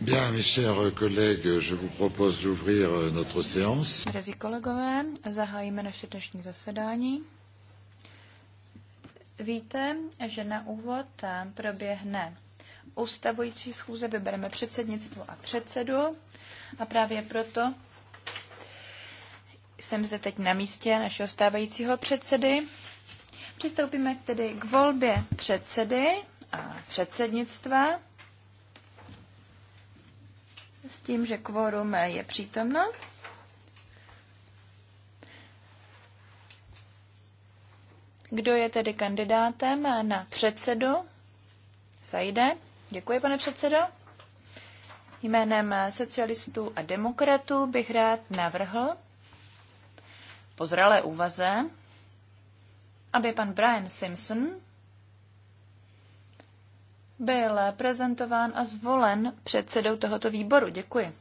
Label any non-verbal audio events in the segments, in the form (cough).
Bien, mes chers collègues, je vous propose d'ouvrir notre séance. Drazí kolegové, zahájíme naše dnešní zasedání. Víte, že na úvod proběhne ustavující schůze, vybereme předsednictvo a předsedu a právě proto jsem zde teď na místě našeho stávajícího předsedy. Přistoupíme tedy k volbě předsedy a předsednictva s tím, že kvorum je přítomno. Kdo je tedy kandidátem na předsedu? Sajde. Děkuji, pane předsedo. Jménem socialistů a demokratů bych rád navrhl po zralé úvaze, aby pan Brian Simpson byl prezentován a zvolen předsedou tohoto výboru. Děkuji.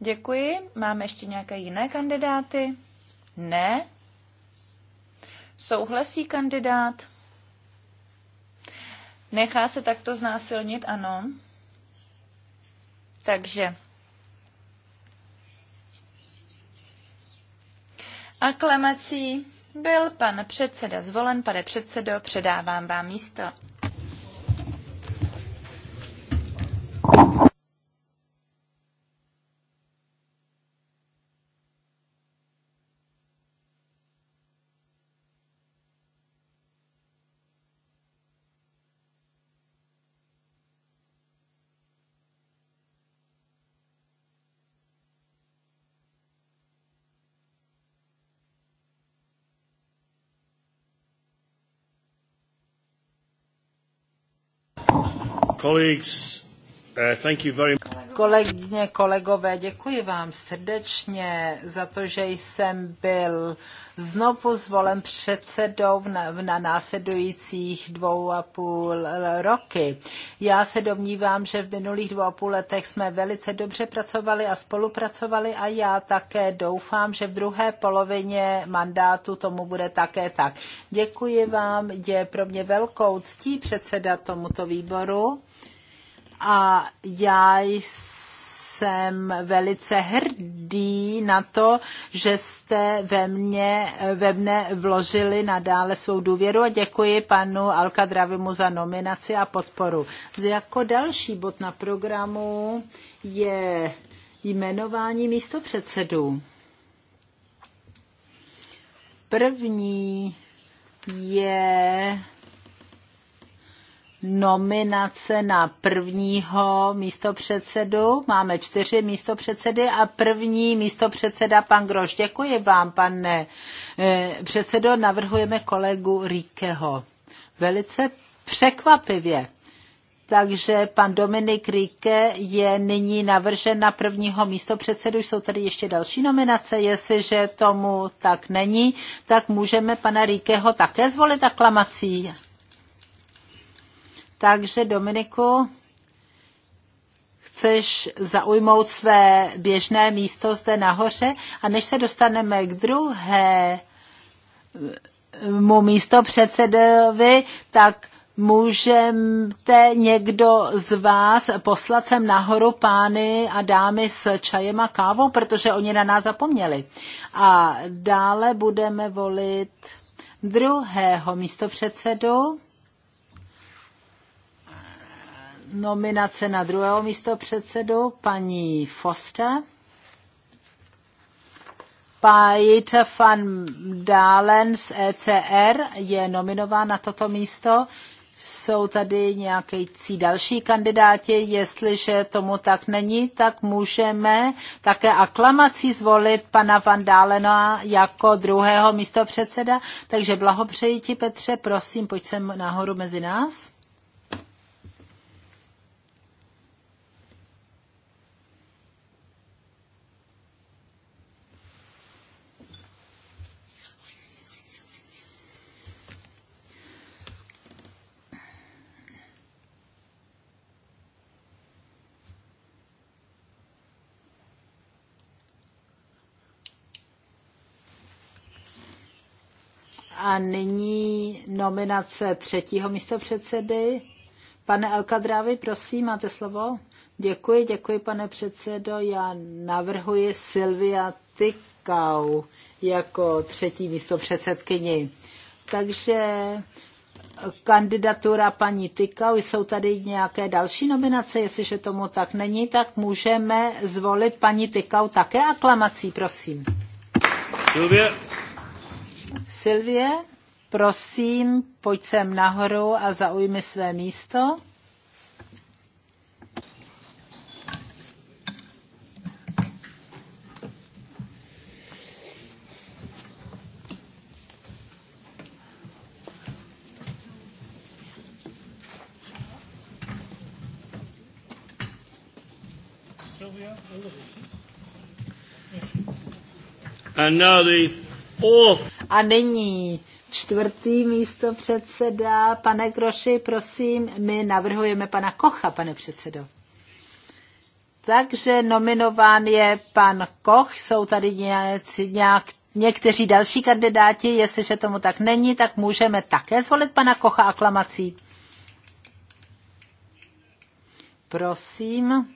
Děkuji. Máme ještě nějaké jiné kandidáty? Ne. Souhlasí kandidát? Nechá se takto znásilnit? Ano. Takže aklamací byl pan předseda zvolen. Pane předsedo, předávám vám místo. Uh, Kolegyně, kolegové, děkuji vám srdečně za to, že jsem byl znovu zvolen předsedou na, na následujících dvou a půl roky. Já se domnívám, že v minulých dvou a půl letech jsme velice dobře pracovali a spolupracovali a já také doufám, že v druhé polovině mandátu tomu bude také tak. Děkuji vám, je pro mě velkou ctí předseda tomuto výboru a já jsem velice hrdý na to, že jste ve mně, ve mne vložili nadále svou důvěru a děkuji panu Dravimu za nominaci a podporu. Jako další bod na programu je jmenování místopředsedů. První je nominace na prvního místopředsedu. Máme čtyři místopředsedy a první místopředseda pan Groš. Děkuji vám, pane eh, předsedo. Navrhujeme kolegu Ríkeho. Velice překvapivě. Takže pan Dominik Ríke je nyní navržen na prvního místopředsedu. Jsou tady ještě další nominace. Jestliže tomu tak není, tak můžeme pana Ríkeho také zvolit aklamací. Takže Dominiku, chceš zaujmout své běžné místo zde nahoře a než se dostaneme k druhé mu místo předsedovi, tak můžete někdo z vás poslat sem nahoru pány a dámy s čajem a kávou, protože oni na nás zapomněli. A dále budeme volit druhého místopředsedu. nominace na druhého místo předsedu paní Foster. Pajit van Dalen z ECR je nominován na toto místo. Jsou tady nějaké další kandidáti. Jestliže tomu tak není, tak můžeme také aklamací zvolit pana Van Dálena jako druhého místopředseda. Takže blahopřeji ti, Petře, prosím, pojď sem nahoru mezi nás. A nyní nominace třetího místopředsedy. Pane Alkadrávy, prosím, máte slovo. Děkuji, děkuji, pane předsedo. Já navrhuji Silvia Tykau jako třetí místopředsedkyni. Takže kandidatura paní Tykau, jsou tady nějaké další nominace, jestliže tomu tak není, tak můžeme zvolit paní Tykau také aklamací, prosím. Silvia. Silvie, prosím, pojď sem nahoru a zaujmi své místo. And now the a nyní čtvrtý místo předseda. Pane Groši, prosím, my navrhujeme pana Kocha, pane předsedo. Takže nominován je pan Koch, jsou tady nějací, nějak někteří další kandidáti, jestliže tomu tak není, tak můžeme také zvolit pana Kocha aklamací. Prosím.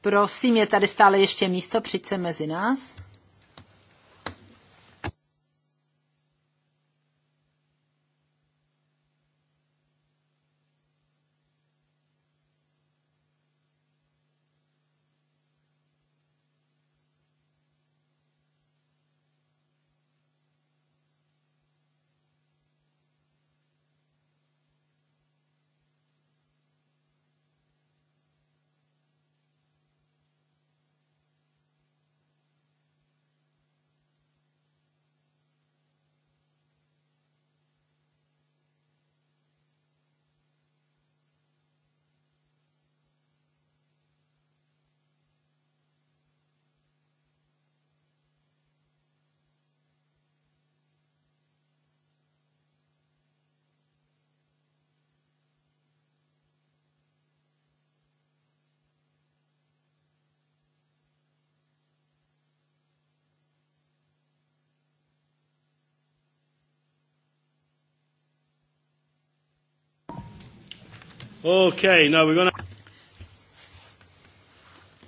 Prosím, je tady stále ještě místo, přijďte mezi nás. Okay, now we're gonna...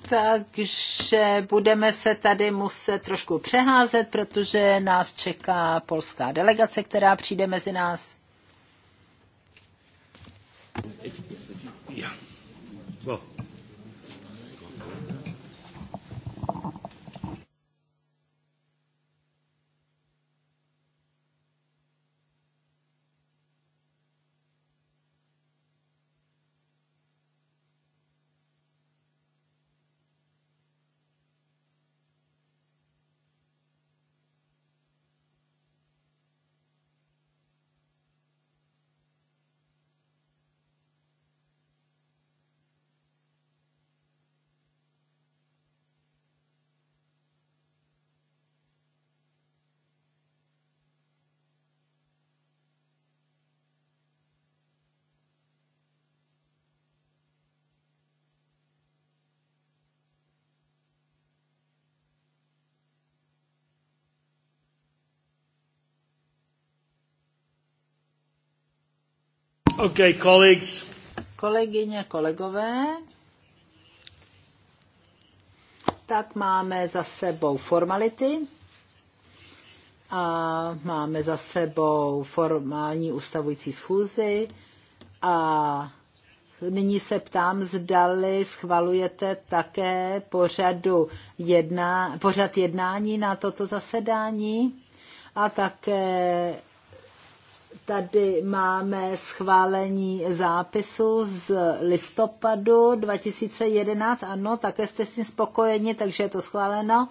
Takže budeme se tady muset trošku přeházet, protože nás čeká polská delegace, která přijde mezi nás. Yeah. Well. Okay, colleagues. Kolegyně, kolegové, tak máme za sebou formality a máme za sebou formální ustavující schůzi a nyní se ptám, zdali schvalujete také pořadu jedna, pořad jednání na toto zasedání a také Tady máme schválení zápisu z listopadu 2011. Ano, také jste s tím spokojeni, takže je to schváleno.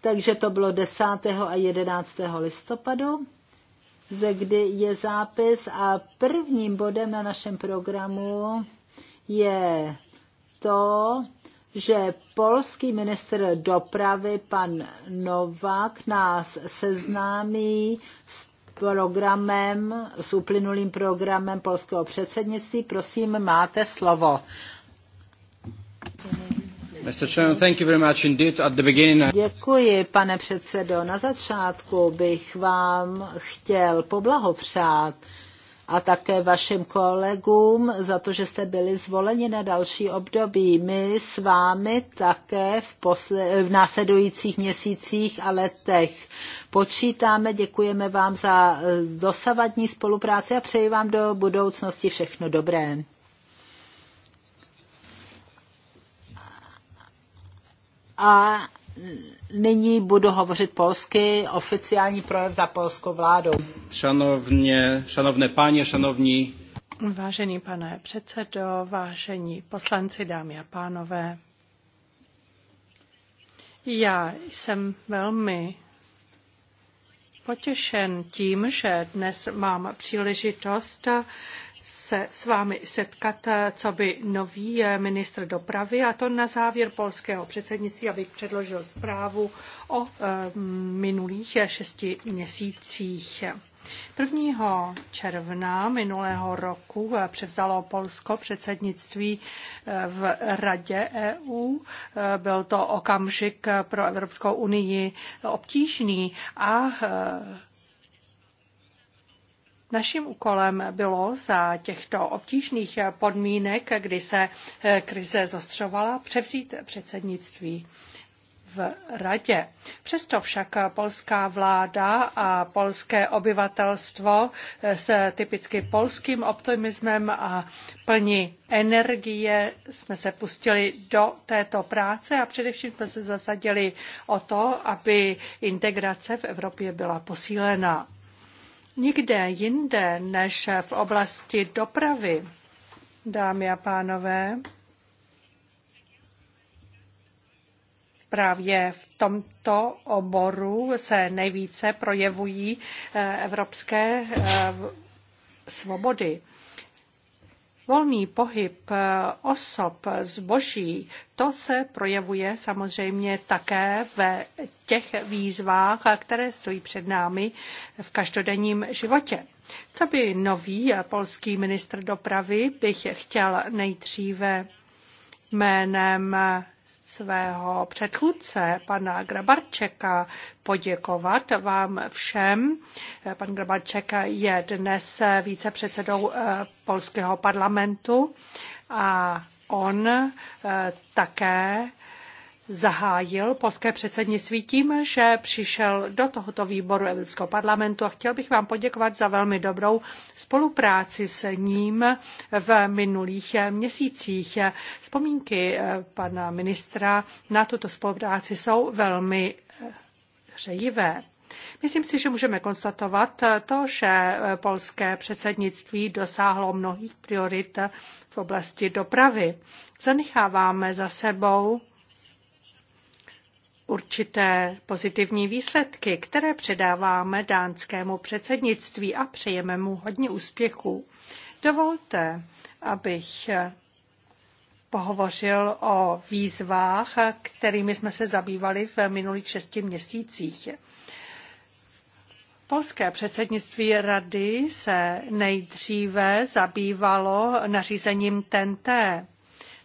Takže to bylo 10. a 11. listopadu, ze kdy je zápis. A prvním bodem na našem programu je to, že polský ministr dopravy pan Novak nás seznámí s programem, s uplynulým programem polského předsednictví. Prosím, máte slovo. Děkuji, pane předsedo. Na začátku bych vám chtěl poblahopřát a také vašim kolegům za to, že jste byli zvoleni na další období. My s vámi také v, posle- v následujících měsících a letech počítáme. Děkujeme vám za eh, dosavadní spolupráci a přeji vám do budoucnosti všechno dobré. A Nyní budu hovořit polsky, oficiální projev za polskou vládu. Šanovně, šanovné páně, šanovní. Vážený pane předsedo, vážení poslanci, dámy a pánové, já jsem velmi potěšen tím, že dnes mám příležitost se s vámi setkat, eh, co by nový eh, ministr dopravy, a to na závěr polského předsednictví, abych předložil zprávu o eh, minulých šesti měsících. 1. června minulého roku převzalo Polsko předsednictví v Radě EU. Byl to okamžik pro Evropskou unii obtížný a Naším úkolem bylo za těchto obtížných podmínek, kdy se eh, krize zostřovala, převzít předsednictví v radě. Přesto však polská vláda a polské obyvatelstvo eh, s typicky polským optimismem a plní energie jsme se pustili do této práce a především jsme se zasadili o to, aby integrace v Evropě byla posílena. Nikde jinde než v oblasti dopravy, dámy a pánové, Právě v tomto oboru se nejvíce projevují eh, evropské eh, svobody. Volný pohyb eh, osob, zboží, to se projevuje samozřejmě také ve těch výzvách, které stojí před námi v každodenním životě. Co by nový polský ministr dopravy bych chtěl nejdříve jménem svého předchůdce, pana Grabarčeka, poděkovat vám všem. Pan Grabarček je dnes vícepředsedou eh, polského parlamentu a on eh, také zahájil polské předsednictví tím, že přišel do tohoto výboru Evropského parlamentu a chtěl bych vám poděkovat za velmi dobrou spolupráci s ním v minulých měsících. Vzpomínky eh, pana ministra na tuto spolupráci jsou velmi hřejivé. Eh, Myslím si, že můžeme konstatovat eh, to, že polské předsednictví dosáhlo mnohých priorit v oblasti dopravy. Zanecháváme za sebou určité pozitivní výsledky, které předáváme dánskému předsednictví a přejeme mu hodně úspěchů. Dovolte, abych pohovořil o výzvách, kterými jsme se zabývali v minulých šesti měsících. Polské předsednictví rady se nejdříve zabývalo nařízením TNT.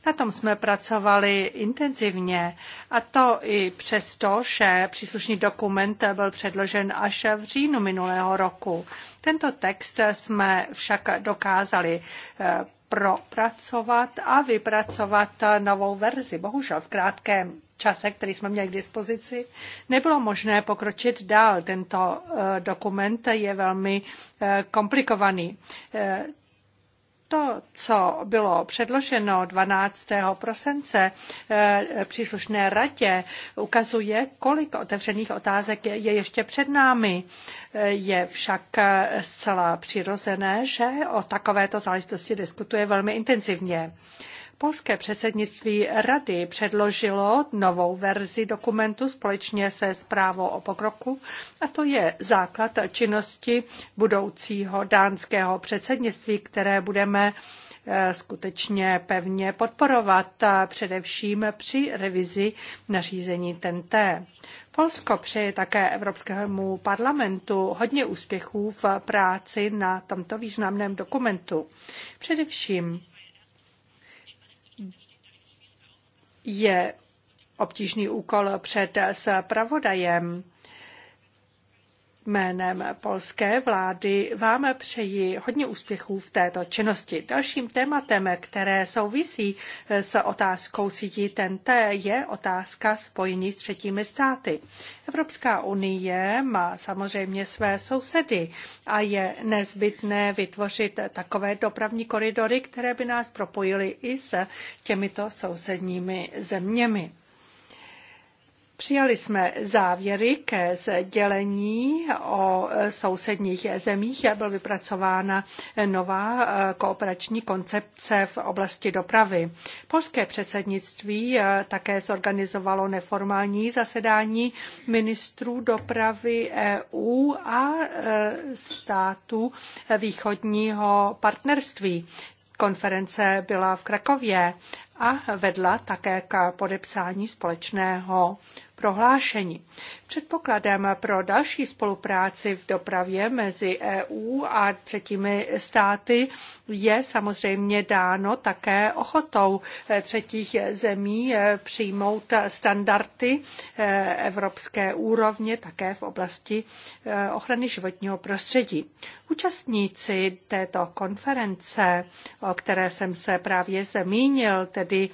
Na tom jsme pracovali intenzivně a to i přesto, že příslušný dokument byl předložen až v říjnu minulého roku. Tento text jsme však dokázali eh, propracovat a vypracovat novou verzi. Bohužel v krátkém čase, který jsme měli k dispozici, nebylo možné pokročit dál. Tento eh, dokument je velmi eh, komplikovaný to, co bylo předloženo 12. prosince eh, příslušné radě, ukazuje, kolik otevřených otázek je ještě před námi. Eh, je však eh, zcela přirozené, že o takovéto záležitosti diskutuje velmi intenzivně. Polské předsednictví rady předložilo novou verzi dokumentu společně se zprávou o pokroku a to je základ činnosti budoucího dánského předsednictví, které budeme eh, skutečně pevně podporovat, především při revizi nařízení TNT. Polsko přeje také Evropskému parlamentu hodně úspěchů v práci na tomto významném dokumentu. Především je obtížný úkol před zpravodajem. Jménem polské vlády vám přeji hodně úspěchů v této činnosti. Dalším tématem, které souvisí s otázkou sítí TNT, je otázka spojení s třetími státy. Evropská unie má samozřejmě své sousedy a je nezbytné vytvořit takové dopravní koridory, které by nás propojily i s těmito sousedními zeměmi. Přijali jsme závěry ke sdělení o sousedních zemích. Byla vypracována nová eh, kooperační koncepce v oblasti dopravy. Polské předsednictví eh, také zorganizovalo neformální zasedání ministrů dopravy EU a eh, států východního partnerství konference byla v Krakově a vedla také k podepsání společného prohlášení. Předpokladem pro další spolupráci v dopravě mezi EU a třetími státy je samozřejmě dáno také ochotou eh, třetích zemí eh, přijmout standardy eh, evropské úrovně také v oblasti ochrany životního prostředí. Účastníci této konference, o které jsem se právě zmínil, tedy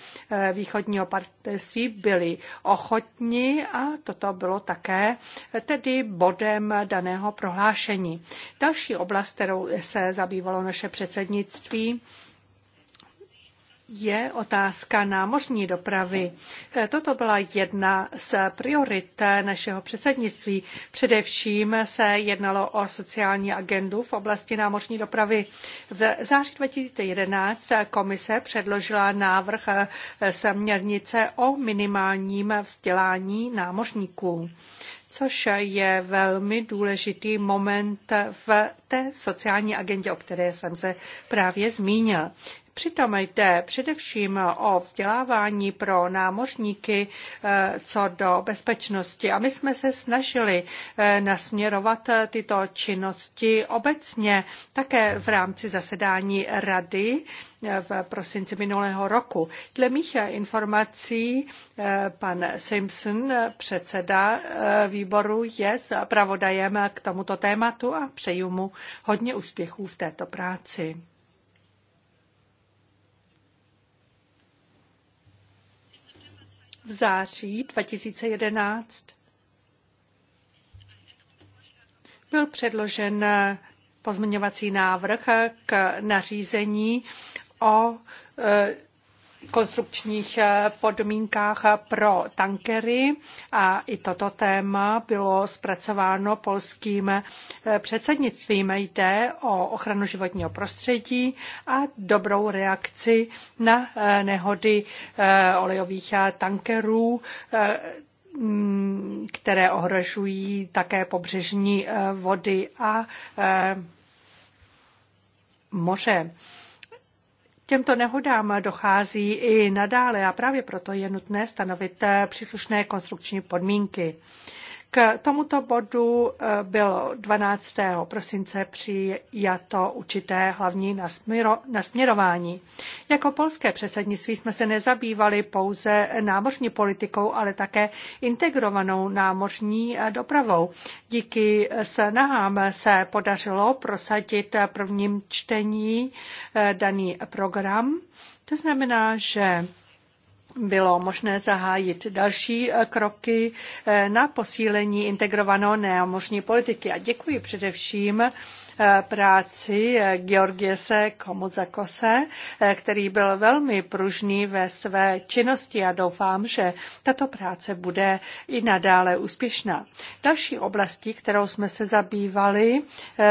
východního partnerství, byli ochotni a toto bylo také také tedy bodem daného prohlášení. Další oblast, kterou se zabývalo naše předsednictví, je otázka námořní dopravy. Eh, toto byla jedna z priorit eh, našeho předsednictví. Především se jednalo o sociální agendu v oblasti námořní dopravy. V září 2011 eh, komise předložila návrh směrnice o minimálním vzdělání námořníků což je velmi důležitý moment v té sociální agendě, o které jsem se právě zmínil. Přitom jde především o vzdělávání pro námořníky eh, co do bezpečnosti. A my jsme se snažili eh, nasměrovat eh, tyto činnosti obecně také v rámci zasedání rady v prosinci minulého roku. Dle mých informací pan Simpson, předseda výboru, je pravodajem k tomuto tématu a přeju mu hodně úspěchů v této práci. v září 2011 byl předložen pozměňovací návrh k nařízení o e, konstrukčních eh, podmínkách eh, pro tankery a i toto téma bylo zpracováno polským eh, předsednictvím. Jde o ochranu životního prostředí a dobrou reakci na nehody olejových tankerů které ohrožují také pobřežní vody a moře. Těmto nehodám dochází i nadále a právě proto je nutné stanovit příslušné konstrukční podmínky. K tomuto bodu eh, bylo 12. prosince přijato určité hlavní nasměrování. Jako polské předsednictví jsme se nezabývali pouze námořní politikou, ale také integrovanou námořní eh, dopravou. Díky eh, snahám se podařilo prosadit prvním čtení daný program. To znamená, že bylo možné zahájit další eh, kroky eh, na posílení integrované námořní politiky. A děkuji především eh, práci Georgiese Komuzakose, který byl velmi pružný ve své činnosti a doufám, že tato práce bude i nadále úspěšná. Další oblastí, kterou jsme se zabývali,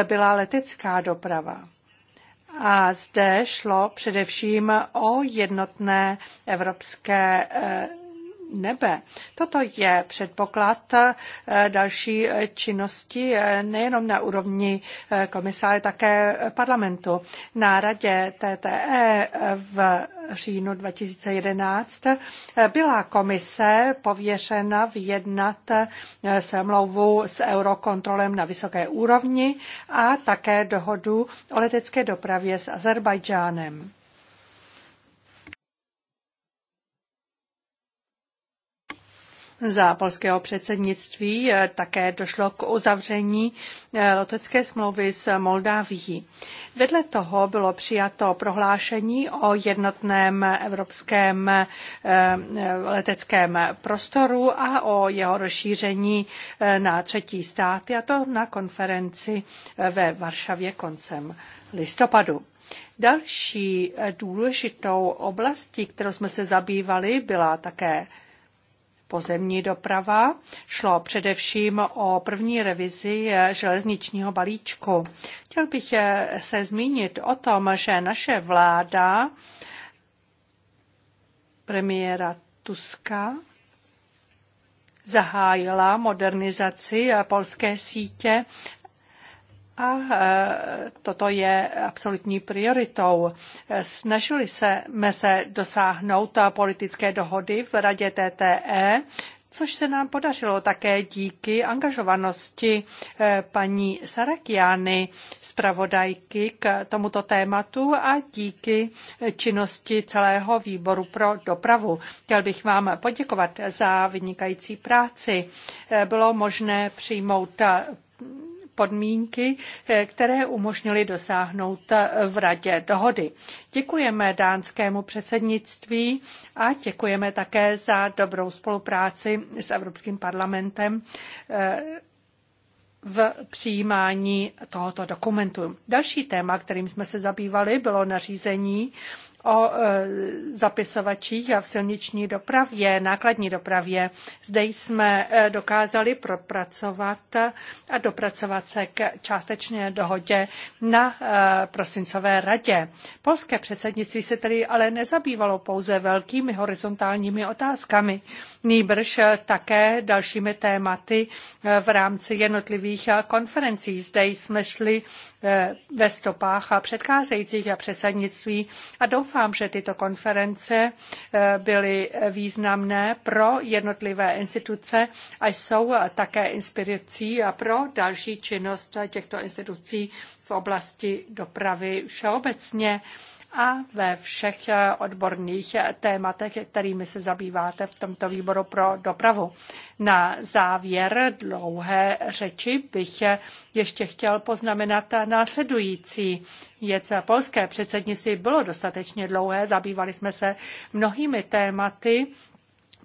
byla letecká doprava. A zde šlo především o jednotné evropské eh, nebe. Toto je předpoklad eh, další eh, činnosti eh, nejenom na úrovni komise, ale také parlamentu. Na radě TTE v říjnu 2011 byla komise pověřena vyjednat smlouvu s eurokontrolem na vysoké úrovni a také dohodu o letecké dopravě s Azerbajdžánem. Za polského předsednictví eh, také došlo k uzavření eh, letecké smlouvy s Moldávií. Vedle toho bylo přijato prohlášení o jednotném evropském eh, leteckém prostoru a o jeho rozšíření na třetí státy, a to na konferenci ve Varšavě koncem listopadu. Další důležitou oblastí, kterou jsme se zabývali, byla také Pozemní doprava šlo především o první revizi eh, železničního balíčku. Chtěl bych eh, se zmínit o tom, že naše vláda premiéra Tuska zahájila modernizaci eh, polské sítě a e, toto je absolutní prioritou. Snažili se dosáhnout politické dohody v radě TTE, což se nám podařilo také díky angažovanosti e, paní Sarakiany, zpravodajky k tomuto tématu a díky činnosti celého výboru pro dopravu. Chtěl bych vám poděkovat za vynikající práci. E, bylo možné přijmout podmínky, eh, které umožnily dosáhnout eh, v radě dohody. Děkujeme dánskému předsednictví a děkujeme také za dobrou spolupráci s Evropským parlamentem eh, v přijímání tohoto dokumentu. Další téma, kterým jsme se zabývali, bylo nařízení o e, zapisovačích a v silniční dopravě, nákladní dopravě. Zde jsme e, dokázali propracovat a dopracovat se k částečné dohodě na e, prosincové radě. Polské předsednictví se tedy ale nezabývalo pouze velkými horizontálními otázkami, nýbrž také dalšími tématy v rámci jednotlivých konferencí. Zde jsme šli Eh, ve stopách a předcházejících a předsednictví a doufám, že tyto konference eh, byly významné pro jednotlivé instituce a jsou také inspirací a pro další činnost těchto institucí v oblasti dopravy všeobecně a ve všech eh, odborných eh, tématech, kterými se zabýváte v tomto výboru pro dopravu. Na závěr dlouhé řeči bych eh, ještě chtěl poznamenat následující. Věc polské předsednictví bylo dostatečně dlouhé, zabývali jsme se mnohými tématy,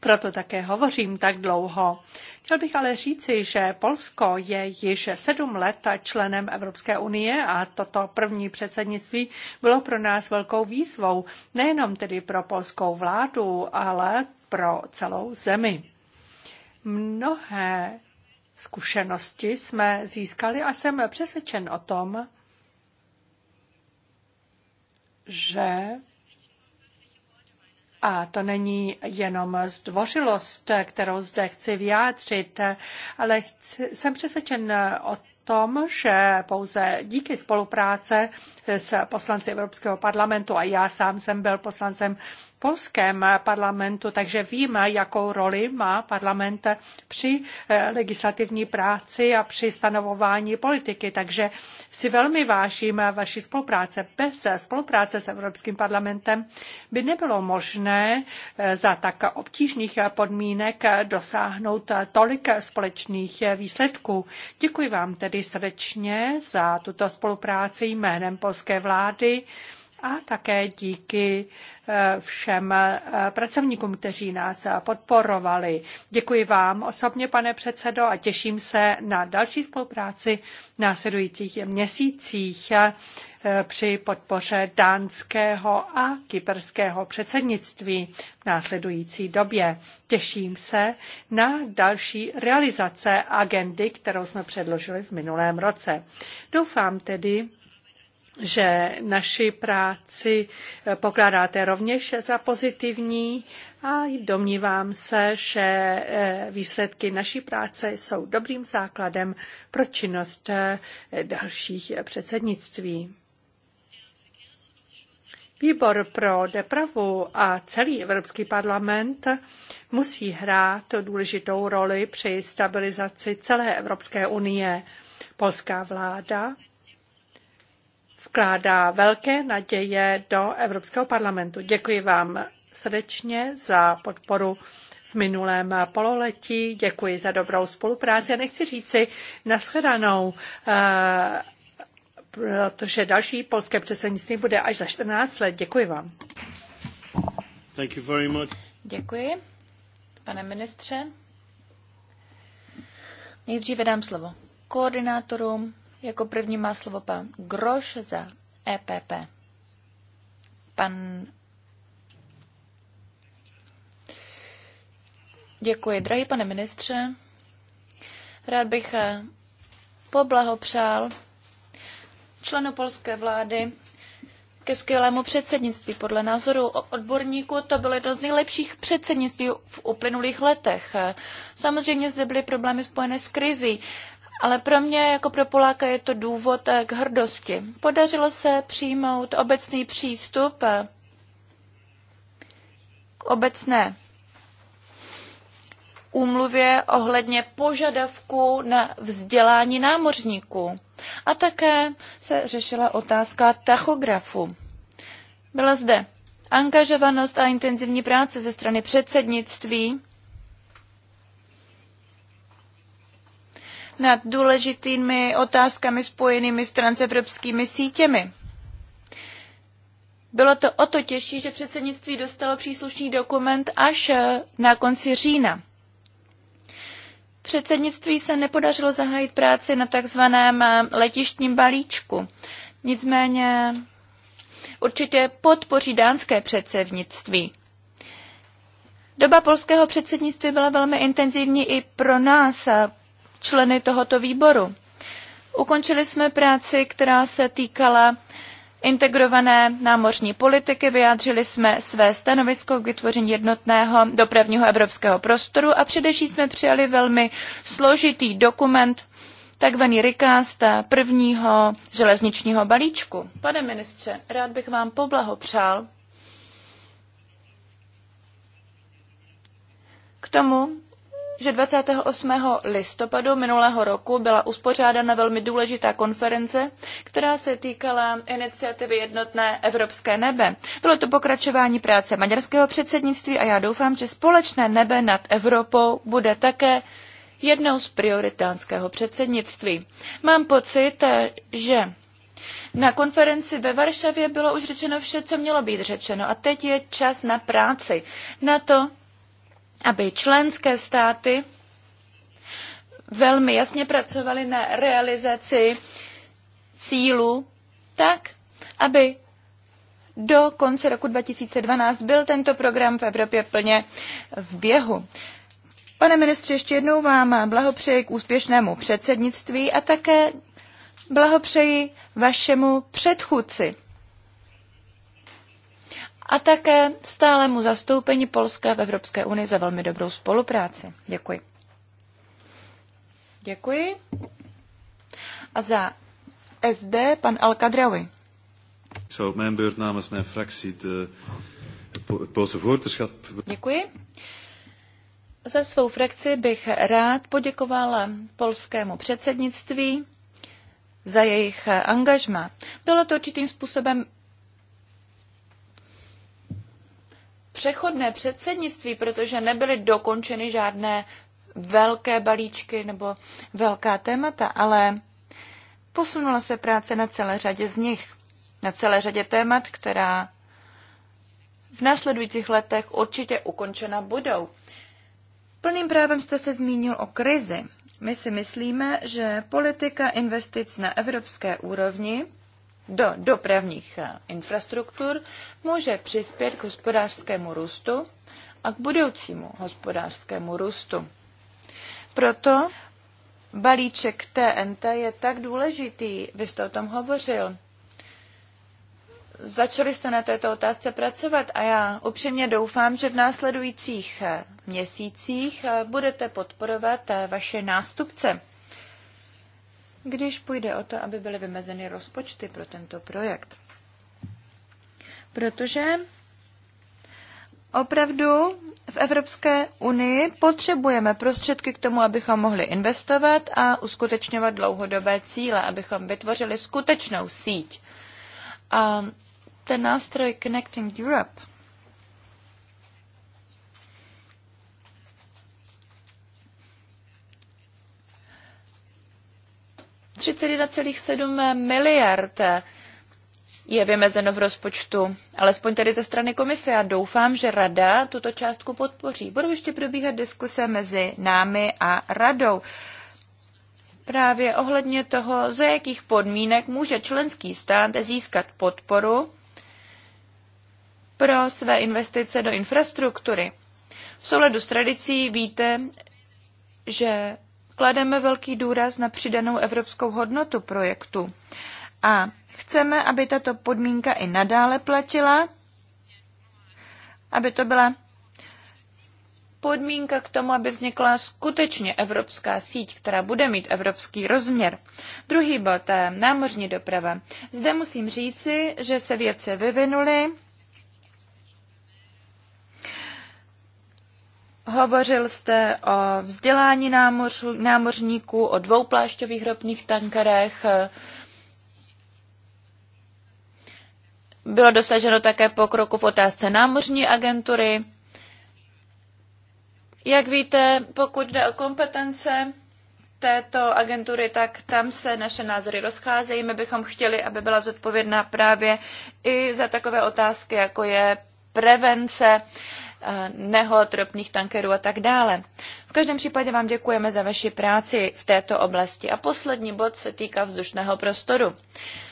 proto také hovořím tak dlouho. Chtěl bych ale říci, že Polsko je již sedm let členem Evropské unie a toto první předsednictví bylo pro nás velkou výzvou, nejenom tedy pro polskou vládu, ale pro celou zemi. Mnohé zkušenosti jsme získali a jsem přesvědčen o tom, že a to není jenom zdvořilost, kterou zde chci vyjádřit, ale chci, jsem přesvědčen o tom, že pouze díky spolupráce s poslanci Evropského parlamentu a já sám jsem byl poslancem polském parlamentu, takže víme, jakou roli má parlament při eh, legislativní práci a při stanovování politiky. Takže si velmi vážím vaší spolupráce. Bez spolupráce s Evropským parlamentem by nebylo možné eh, za tak obtížných podmínek dosáhnout tolik společných výsledků. Děkuji vám tedy srdečně za tuto spolupráci jménem polské vlády a také díky eh, všem eh, pracovníkům, kteří nás eh, podporovali. Děkuji vám osobně, pane předsedo, a těším se na další spolupráci v následujících měsících při podpoře dánského a kyperského předsednictví v následující době. Těším se na další realizace agendy, kterou jsme předložili v minulém roce. Doufám tedy, že naši práci eh, pokládáte rovněž za pozitivní a domnívám se, že eh, výsledky naší práce jsou dobrým základem pro činnost eh, dalších předsednictví. Výbor pro depravu a celý Evropský parlament musí hrát důležitou roli při stabilizaci celé Evropské unie. Polská vláda vkládá velké naděje do Evropského parlamentu. Děkuji vám srdečně za podporu v minulém pololetí. Děkuji za dobrou spolupráci a nechci říci nashledanou, eh, protože další polské předsednictví bude až za 14 let. Děkuji vám. Thank you very much. Děkuji, pane ministře. Nejdříve dám slovo koordinátorům jako první má slovo pan Groš za EPP. Pan Děkuji, drahý pane ministře. Rád bych eh, poblahopřál členu polské vlády ke skvělému předsednictví. Podle názoru odborníků to bylo jedno z nejlepších předsednictví v uplynulých letech. Samozřejmě zde byly problémy spojené s krizí, ale pro mě jako pro Poláka je to důvod eh, k hrdosti. Podařilo se přijmout obecný přístup eh, k obecné úmluvě ohledně požadavku na vzdělání námořníků. A také se řešila otázka tachografu. Byla zde angažovanost a intenzivní práce ze strany předsednictví nad důležitými otázkami spojenými s transevropskými sítěmi. Bylo to o to těžší, že předsednictví dostalo příslušný dokument až eh, na konci října. Předsednictví se nepodařilo zahájit práci na takzvaném eh, letištním balíčku. Nicméně určitě podpoří dánské předsednictví. Doba polského předsednictví byla velmi intenzivní i pro nás, eh, členy tohoto výboru. Ukončili jsme práci, která se týkala integrované námořní politiky, vyjádřili jsme své stanovisko k vytvoření jednotného dopravního evropského prostoru a především jsme přijali velmi složitý dokument, takzvaný recast prvního železničního balíčku. Pane ministře, rád bych vám poblahopřál k tomu, že 28. listopadu minulého roku byla uspořádána velmi důležitá konference, která se týkala iniciativy Jednotné evropské nebe. Bylo to pokračování práce maďarského předsednictví a já doufám, že společné nebe nad Evropou bude také jednou z prioritánského předsednictví. Mám pocit, že na konferenci ve Varšavě bylo už řečeno vše, co mělo být řečeno a teď je čas na práci, na to, aby členské státy velmi jasně pracovaly na realizaci cílu tak, aby do konce roku 2012 byl tento program v Evropě plně v běhu. Pane ministře, ještě jednou vám blahopřeji k úspěšnému předsednictví a také blahopřeji vašemu předchůdci a také stálemu zastoupení Polska v Evropské unii za velmi dobrou spolupráci. Děkuji. Děkuji. A za SD pan Al-Kadraoui. Zo mijn beurt namens mijn fractie de, Poolse voorzitterschap. Děkuji. Za svou frakci bych rád poděkovala polskému předsednictví za jejich angažma. Bylo to určitým způsobem přechodné předsednictví, protože nebyly dokončeny žádné velké balíčky nebo velká témata, ale posunula se práce na celé řadě z nich, na celé řadě témat, která v následujících letech určitě ukončena budou. Plným právem jste se zmínil o krizi. My si myslíme, že politika investic na evropské úrovni do dopravních eh, infrastruktur může přispět k hospodářskému růstu a k budoucímu hospodářskému růstu. Proto balíček TNT je tak důležitý, vy jste o tom hovořil. Začali jste na této otázce pracovat a já upřímně doufám, že v následujících eh, měsících eh, budete podporovat vaše nástupce když půjde o to, aby byly vymezeny rozpočty pro tento projekt. Protože opravdu v Evropské unii potřebujeme prostředky k tomu, abychom mohli investovat a uskutečňovat dlouhodobé cíle, abychom vytvořili skutečnou síť. A ten nástroj Connecting Europe 31,7 miliard je vymezeno v rozpočtu, alespoň tedy ze strany komise. Já doufám, že rada tuto částku podpoří. Budou ještě probíhat diskuse mezi námi a radou. Právě ohledně toho, za jakých podmínek může členský stát získat podporu pro své investice do infrastruktury. V souladu s tradicí víte, že klademe velký důraz na přidanou evropskou hodnotu projektu a chceme, aby tato podmínka i nadále platila, aby to byla podmínka k tomu, aby vznikla skutečně evropská síť, která bude mít evropský rozměr. Druhý bod, eh, námořní doprava. Zde musím říci, že se věci vyvinuly Hovořil jste o vzdělání námoř, námořníků, o dvouplášťových ropných tankerech. Bylo dosaženo také pokroku v otázce námořní agentury. Jak víte, pokud jde o kompetence této agentury, tak tam se naše názory rozcházejí. My bychom chtěli, aby byla zodpovědná právě i za takové otázky, jako je prevence nehod, ropných tankerů a tak dále. V každém případě vám děkujeme za vaši práci v této oblasti. A poslední bod se týká vzdušného prostoru.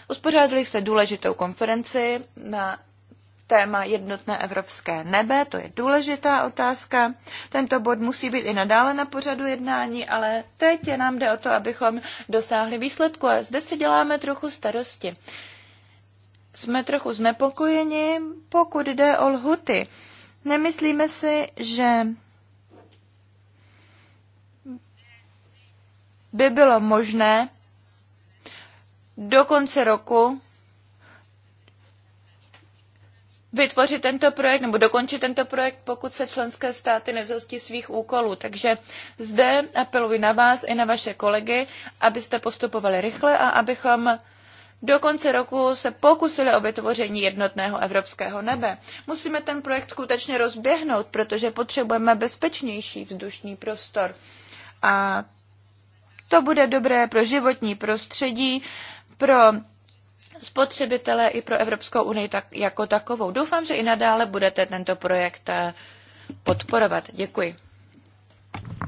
Uspořádali jste důležitou konferenci na téma jednotné evropské nebe, to je důležitá otázka. Tento bod musí být i nadále na pořadu jednání, ale teď nám jde o to, abychom dosáhli výsledku a zde si děláme trochu starosti. Jsme trochu znepokojeni, pokud jde o lhuty. Nemyslíme si, že by bylo možné do konce roku vytvořit tento projekt nebo dokončit tento projekt, pokud se členské státy nezhostí svých úkolů. Takže zde apeluji na vás i na vaše kolegy, abyste postupovali rychle a abychom do konce roku se pokusili o vytvoření jednotného evropského nebe. Musíme ten projekt skutečně rozběhnout, protože potřebujeme bezpečnější vzdušný prostor. A to bude dobré pro životní prostředí, pro spotřebitele i pro Evropskou unii tak, jako takovou. Doufám, že i nadále budete tento projekt eh, podporovat. Děkuji.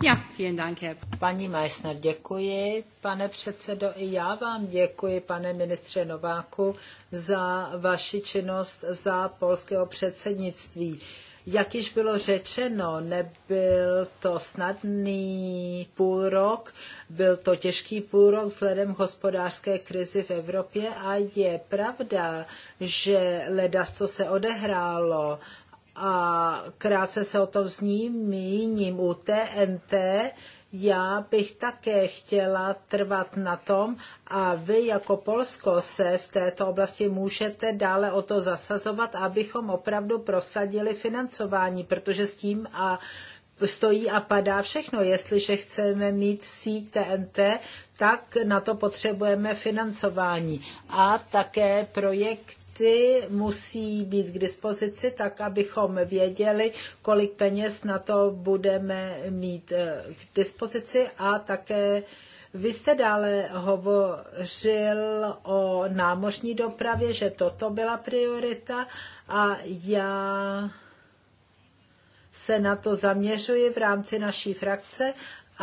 Ja, vielen Dank, Herr. Paní Meissner, děkuji. Pane předsedo, i já vám děkuji, pane ministře Nováku, za vaši činnost za polského předsednictví. Jak již bylo řečeno, nebyl to snadný půl rok, byl to těžký půl rok vzhledem k hospodářské krizi v Evropě a je pravda, že ledas, co se odehrálo, a krátce se o tom zmíním u TNT, já bych také chtěla trvat na tom a vy jako Polsko se v této oblasti můžete dále o to zasazovat, abychom opravdu prosadili financování, protože s tím a stojí a padá všechno. Jestliže chceme mít síť TNT, tak na to potřebujeme financování. A také projekt ty musí být k dispozici tak, abychom věděli, kolik peněz na to budeme mít eh, k dispozici a také vy jste dále hovořil o námořní dopravě, že toto byla priorita a já se na to zaměřuji v rámci naší frakce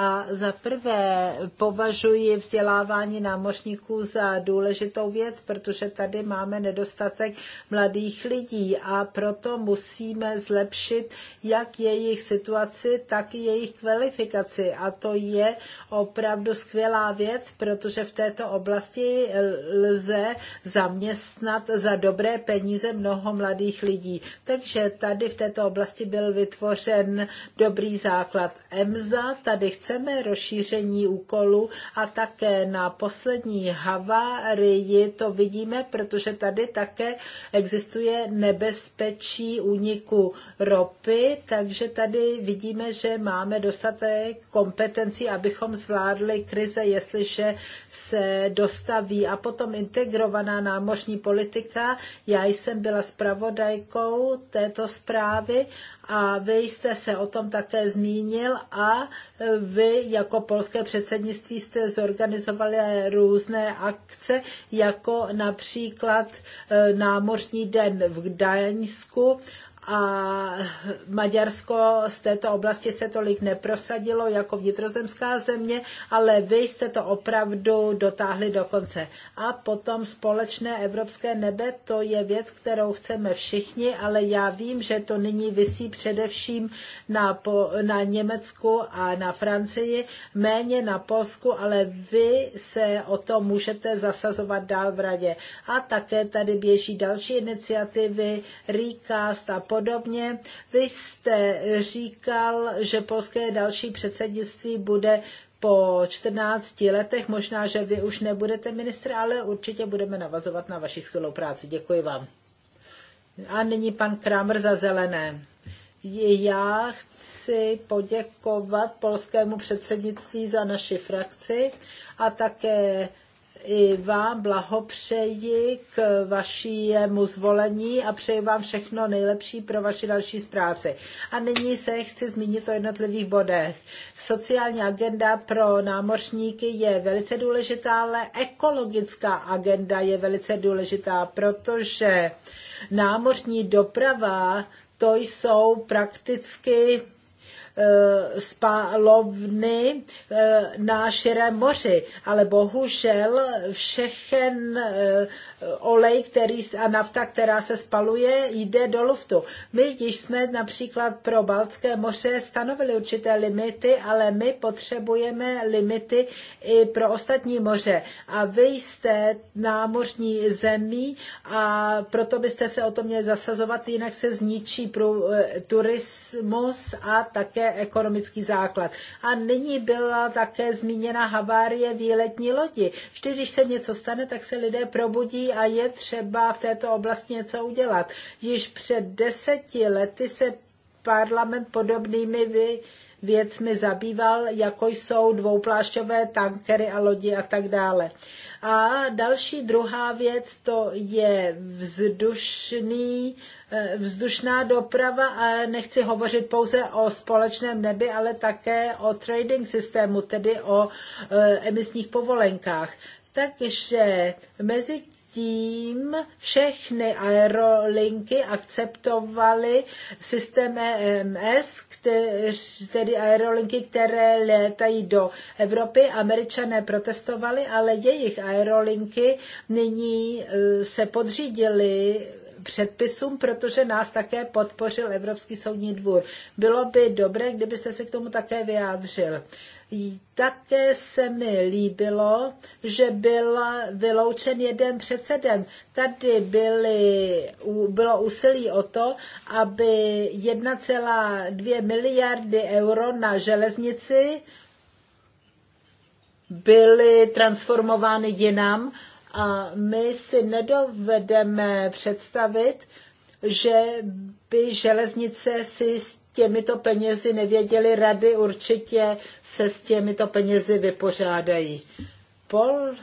a za prvé považuji vzdělávání námořníků za důležitou věc, protože tady máme nedostatek mladých lidí a proto musíme zlepšit jak jejich situaci, tak i jejich kvalifikaci. A to je opravdu skvělá věc, protože v této oblasti lze zaměstnat za dobré peníze mnoho mladých lidí. Takže tady v této oblasti byl vytvořen dobrý základ EMSA, tady chce chceme rozšíření úkolu a také na poslední havárii to vidíme, protože tady také existuje nebezpečí úniku ropy, takže tady vidíme, že máme dostatek kompetencí, abychom zvládli krize, jestliže se dostaví. A potom integrovaná námořní politika. Já jsem byla zpravodajkou této zprávy a vy jste se o tom také zmínil a e, vy jako polské předsednictví jste zorganizovali různé akce, jako například e, námořní den v Gdaňsku a Maďarsko z této oblasti se tolik neprosadilo jako vnitrozemská země, ale vy jste to opravdu dotáhli do konce. A potom společné evropské nebe, to je věc, kterou chceme všichni, ale já vím, že to nyní vysí především na, po, na Německu a na Francii, méně na Polsku, ale vy se o to můžete zasazovat dál v radě. A také tady běží další iniciativy, Recast a podobně. Vy jste říkal, že polské další předsednictví bude po 14 letech, možná, že vy už nebudete ministr, ale určitě budeme navazovat na vaši skvělou práci. Děkuji vám. A nyní pan Kramer za zelené. Já chci poděkovat polskému předsednictví za naši frakci a také i vám blahopřeji k vašímu zvolení a přeji vám všechno nejlepší pro vaši další zpráci. A nyní se chci zmínit o jednotlivých bodech. Sociální agenda pro námořníky je velice důležitá, ale ekologická agenda je velice důležitá, protože námořní doprava to jsou prakticky Eh, spálovny eh, na širém moři, ale bohužel všechen eh, olej který, a nafta, která se spaluje, jde do luftu. My již jsme například pro Baltské moře stanovili určité limity, ale my potřebujeme limity i pro ostatní moře. A vy jste námořní zemí a proto byste se o to měli zasazovat, jinak se zničí pro, eh, turismus a také ekonomický základ. A nyní byla také zmíněna havárie výletní lodi. Vždy, když se něco stane, tak se lidé probudí a je třeba v této oblasti něco udělat. Již před deseti lety se parlament podobnými vy, věcmi zabýval, jako jsou dvouplášťové tankery a lodi a tak dále. A další druhá věc to je vzdušný, eh, vzdušná doprava a nechci hovořit pouze o společném nebi, ale také o trading systému, tedy o eh, emisních povolenkách. Takže mezi tím všechny aerolinky akceptovaly systém EMS, tedy aerolinky, které létají do Evropy. Američané protestovali, ale jejich aerolinky nyní eh, se podřídily předpisům, protože nás také podpořil Evropský soudní dvůr. Bylo by dobré, kdybyste se k tomu také vyjádřil. Také se mi líbilo, že byl vyloučen jeden předsedem. Tady byly, bylo úsilí o to, aby 1,2 miliardy euro na železnici byly transformovány jinam a my si nedovedeme představit, že by železnice si s těmito penězi nevěděli rady, určitě se s těmito penězi vypořádají. Polsko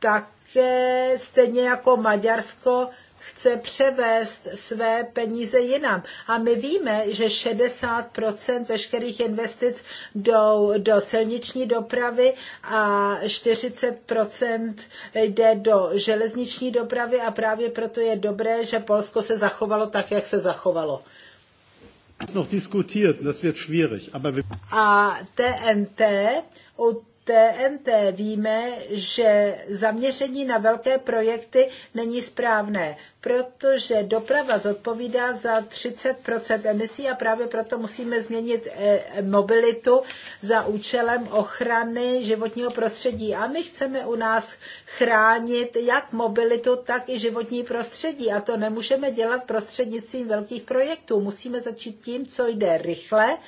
také stejně jako Maďarsko chce převést své peníze jinam. A my víme, že 60% veškerých investic jdou do silniční dopravy a 40% jde do železniční dopravy a právě proto je dobré, že Polsko se zachovalo tak, jak se zachovalo. A TNT, u TNT víme, že zaměření na velké projekty není správné protože doprava zodpovídá za 30 emisí a právě proto musíme změnit eh, mobilitu za účelem ochrany životního prostředí. A my chceme u nás chránit jak mobilitu, tak i životní prostředí. A to nemůžeme dělat prostřednictvím velkých projektů. Musíme začít tím, co jde rychle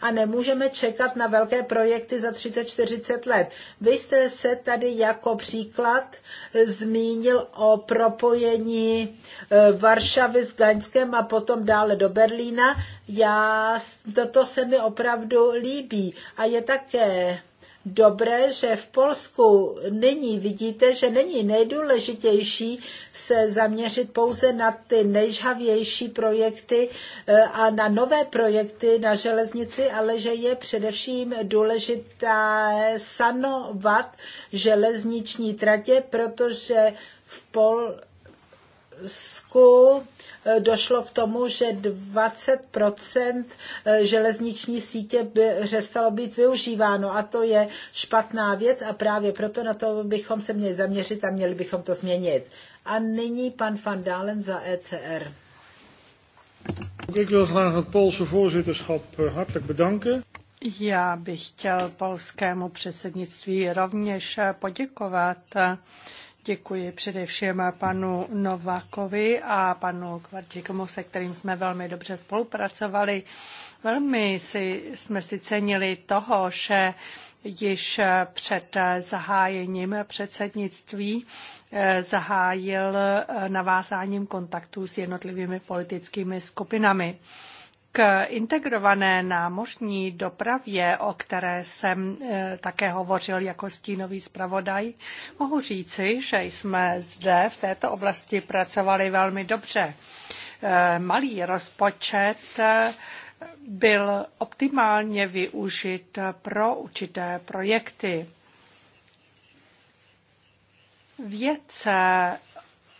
a nemůžeme čekat na velké projekty za 30-40 let. Vy jste se tady jako příklad zmínil o propojení Eh, Varšavy s Gdaňskem a potom dále do Berlína. Já, toto se mi opravdu líbí a je také dobré, že v Polsku nyní vidíte, že není nejdůležitější se zaměřit pouze na ty nejžhavější projekty eh, a na nové projekty na železnici, ale že je především důležité sanovat železniční tratě, protože v Polsku Polsku eh, došlo k tomu, že 20 eh, železniční sítě by přestalo být využíváno a to je špatná věc a právě proto na to bychom se měli zaměřit a měli bychom to změnit. A nyní pan Van Dalen za ECR. Eh, Já bych chtěl polskému předsednictví rovněž poděkovat. Děkuji především panu Novákovi a panu Kvartikomu, se kterým jsme velmi dobře spolupracovali. Velmi si, jsme si cenili toho, že již před zahájením předsednictví eh, zahájil eh, navázáním kontaktů s jednotlivými politickými skupinami. K integrované námořní dopravě, o které jsem eh, také hovořil jako stínový zpravodaj, mohu říci, že jsme zde v této oblasti pracovali velmi dobře. Eh, malý rozpočet eh, byl optimálně využit pro určité projekty. Věc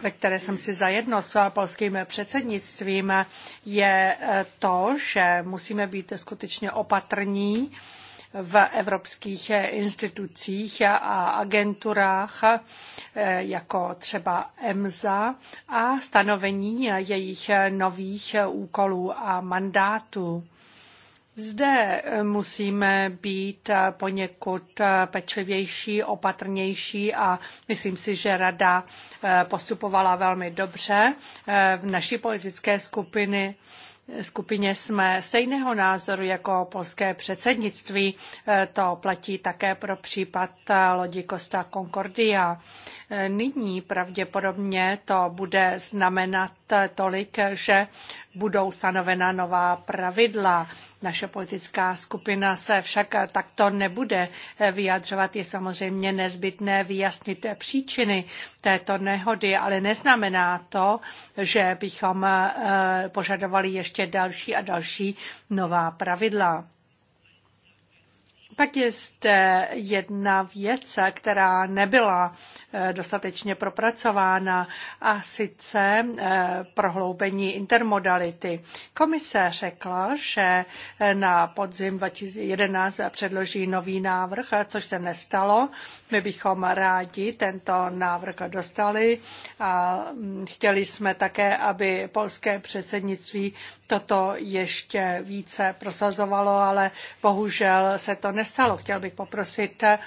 ve které jsem si zajedno s polským předsednictvím, je eh, to, že musíme být skutečně opatrní v evropských eh, institucích a agenturách, eh, jako třeba EMSA, a stanovení jejich nových úkolů a mandátů. Zde eh, musíme být eh, poněkud eh, pečlivější, opatrnější a myslím si, že rada postupovala velmi dobře. V naší politické skupiny skupině jsme stejného názoru jako polské předsednictví. To platí také pro případ lodi Costa Concordia. Nyní pravděpodobně to bude znamenat tolik, že budou stanovena nová pravidla. Naše politická skupina se však takto nebude vyjadřovat. Je samozřejmě nezbytné vyjasnit příčiny této nehody, ale neznamená to, že bychom eh, požadovali ještě další a další nová pravidla. Pak je zde jedna věc, která nebyla eh, dostatečně propracována, a sice eh, prohloubení intermodality. Komise řekla, že eh, na podzim 2011 předloží nový návrh, což se nestalo. My bychom rádi tento návrh dostali a mm, chtěli jsme také, aby polské předsednictví toto ještě více prosazovalo, ale bohužel se to nestalo nestalo. Chtěl bych poprosit eh,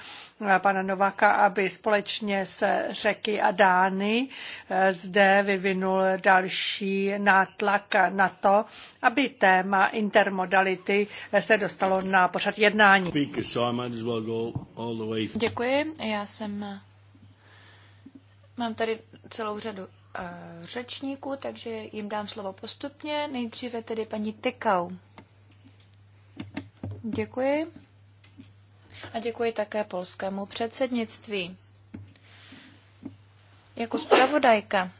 pana Novaka, aby společně se Řeky a Dány eh, zde vyvinul další nátlak na to, aby téma intermodality eh, se dostalo na pořad jednání. Děkuji, já jsem... Mám tady celou řadu řečníků, takže jim dám slovo postupně. Nejdříve tedy paní Tykau. Děkuji a děkuji také polskému předsednictví. Jako zpravodajka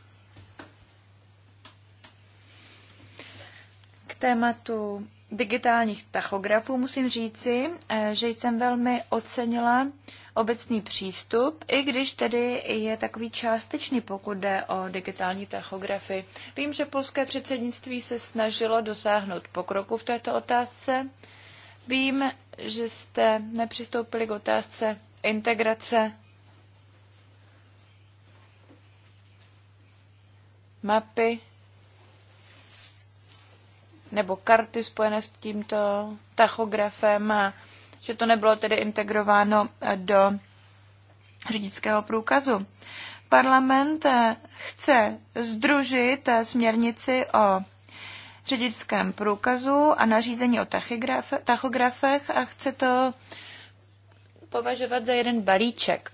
k tématu digitálních tachografů musím říci, eh, že jsem velmi ocenila obecný přístup, i když tedy je takový částečný, pokud jde o digitální tachografy. Vím, že polské předsednictví se snažilo dosáhnout pokroku v této otázce Vím, že jste nepřistoupili k otázce integrace mapy nebo karty spojené s tímto tachografem, a že to nebylo tedy integrováno do řidičského průkazu. Parlament chce združit směrnici o řidičském průkazu a nařízení o tachografech a chce to považovat za jeden balíček.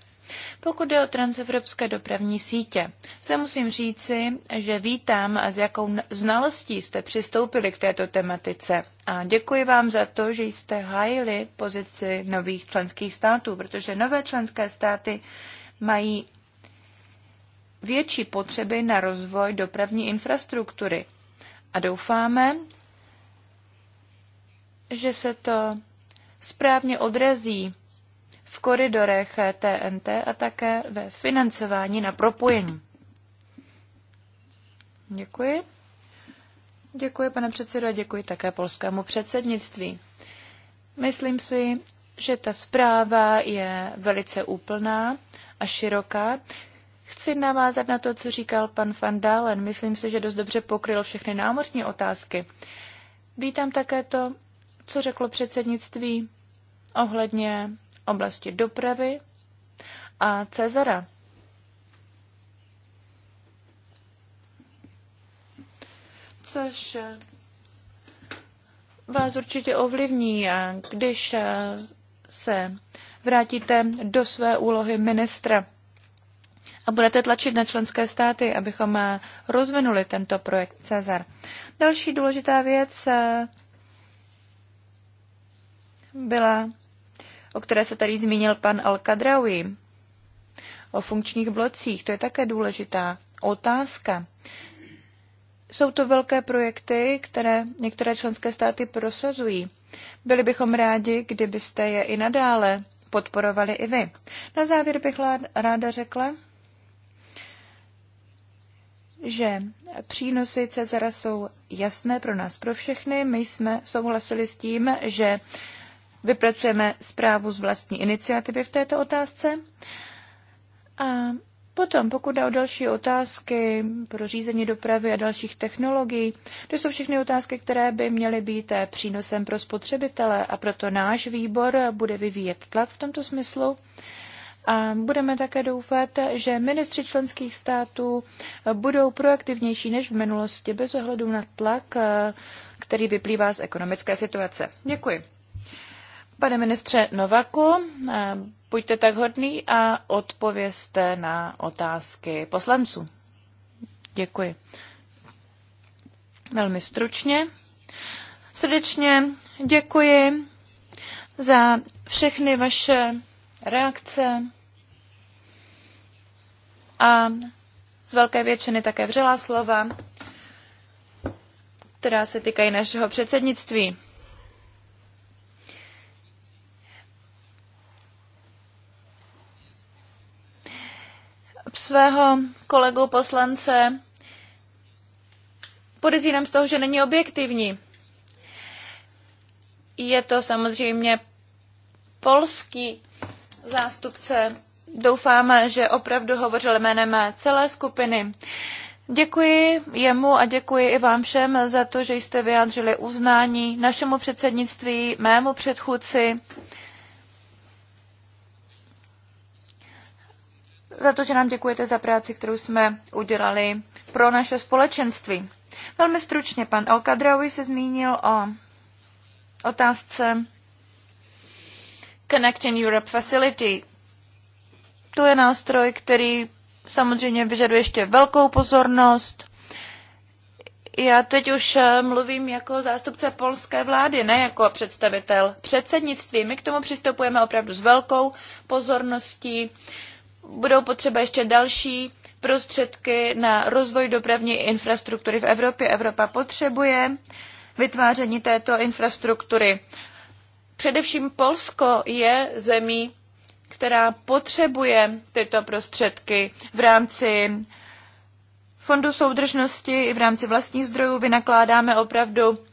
Pokud jde o transevropské dopravní sítě, zde musím říci, že vítám, a s jakou znalostí jste přistoupili k této tematice. A děkuji vám za to, že jste hájili pozici nových členských států, protože nové členské státy mají větší potřeby na rozvoj dopravní infrastruktury a doufáme, že se to správně odrazí v koridorech TNT a také ve financování na propojení. Děkuji. Děkuji, pane předsedo, a děkuji také polskému předsednictví. Myslím si, že ta zpráva je velice úplná a široká. Chci navázat na to, co říkal pan Van Dalen. Myslím si, že dost dobře pokryl všechny námořní otázky. Vítám také to, co řeklo předsednictví ohledně oblasti dopravy a Cezara. Což eh, vás určitě ovlivní, eh, když eh, se vrátíte do své úlohy ministra a budete tlačit na členské státy, abychom eh, rozvinuli tento projekt Cezar. Další důležitá věc eh, byla, o které se tady zmínil pan Al-Kadraoui, o funkčních blocích. To je také důležitá otázka. Jsou to velké projekty, které některé členské státy prosazují. Byli bychom rádi, kdybyste je i nadále podporovali i vy. Na závěr bych ráda řekla, že přínosy Cezara jsou jasné pro nás, pro všechny. My jsme souhlasili s tím, že vypracujeme zprávu z vlastní iniciativy v této otázce. A potom, pokud jde o další otázky pro řízení dopravy a dalších technologií, to jsou všechny otázky, které by měly být přínosem pro spotřebitele a proto náš výbor bude vyvíjet tlak v tomto smyslu. A budeme také doufat, že ministři členských států budou proaktivnější než v minulosti bez ohledu na tlak, eh, který vyplývá z ekonomické situace. Děkuji. Pane ministře Novaku, eh, buďte tak hodný a odpovězte na otázky poslanců. Děkuji. Velmi stručně. Srdečně děkuji za všechny vaše reakce a z velké většiny také vřelá slova, která se týkají našeho předsednictví. Svého kolegu poslance podezírám z toho, že není objektivní. Je to samozřejmě polský zástupce. Doufám, že opravdu hovořil jménem celé skupiny. Děkuji jemu a děkuji i vám všem za to, že jste vyjádřili uznání našemu předsednictví, mému předchůdci, za to, že nám děkujete za práci, kterou jsme udělali pro naše společenství. Velmi stručně pan Alkadraoui se zmínil o otázce Connecting Europe Facility. To je nástroj, který samozřejmě vyžaduje ještě velkou pozornost. Já teď už eh, mluvím jako zástupce polské vlády, ne jako představitel předsednictví. My k tomu přistupujeme opravdu s velkou pozorností. Budou potřeba ještě další prostředky na rozvoj dopravní infrastruktury v Evropě. Evropa potřebuje vytváření této infrastruktury. Především Polsko je zemí, která potřebuje tyto prostředky v rámci Fondu soudržnosti i v rámci vlastních zdrojů vynakládáme opravdu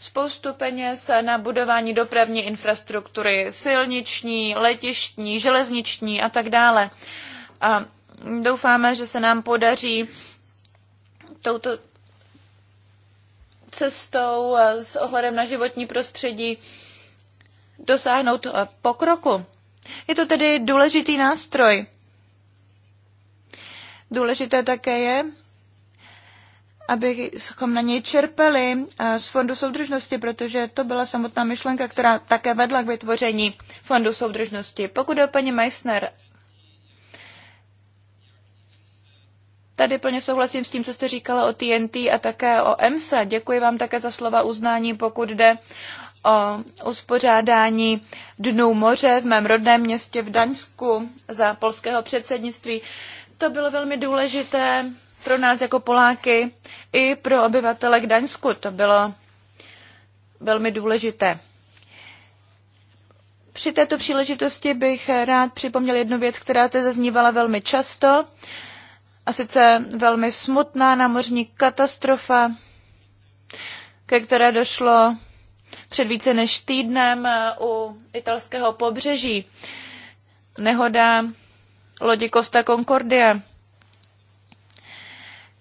spoustu peněz na budování dopravní infrastruktury, silniční, letištní, železniční a tak dále. A doufáme, že se nám podaří touto cestou s ohledem na životní prostředí dosáhnout eh, pokroku. Je to tedy důležitý nástroj. Důležité také je, abychom na něj čerpali eh, z Fondu soudržnosti, protože to byla samotná myšlenka, která také vedla k vytvoření Fondu soudržnosti. Pokud je o paní Meissner, tady plně souhlasím s tím, co jste říkala o TNT a také o EMSA. Děkuji vám také za slova uznání, pokud jde o uspořádání Dnů moře v mém rodném městě v Daňsku za polského předsednictví. To bylo velmi důležité pro nás jako Poláky i pro obyvatele Daňsku. To bylo velmi důležité. Při této příležitosti bych rád připomněl jednu věc, která teď zaznívala velmi často, a sice velmi smutná námořní katastrofa, ke které došlo před více než týdnem eh, u italského pobřeží. Nehoda lodi Costa Concordia.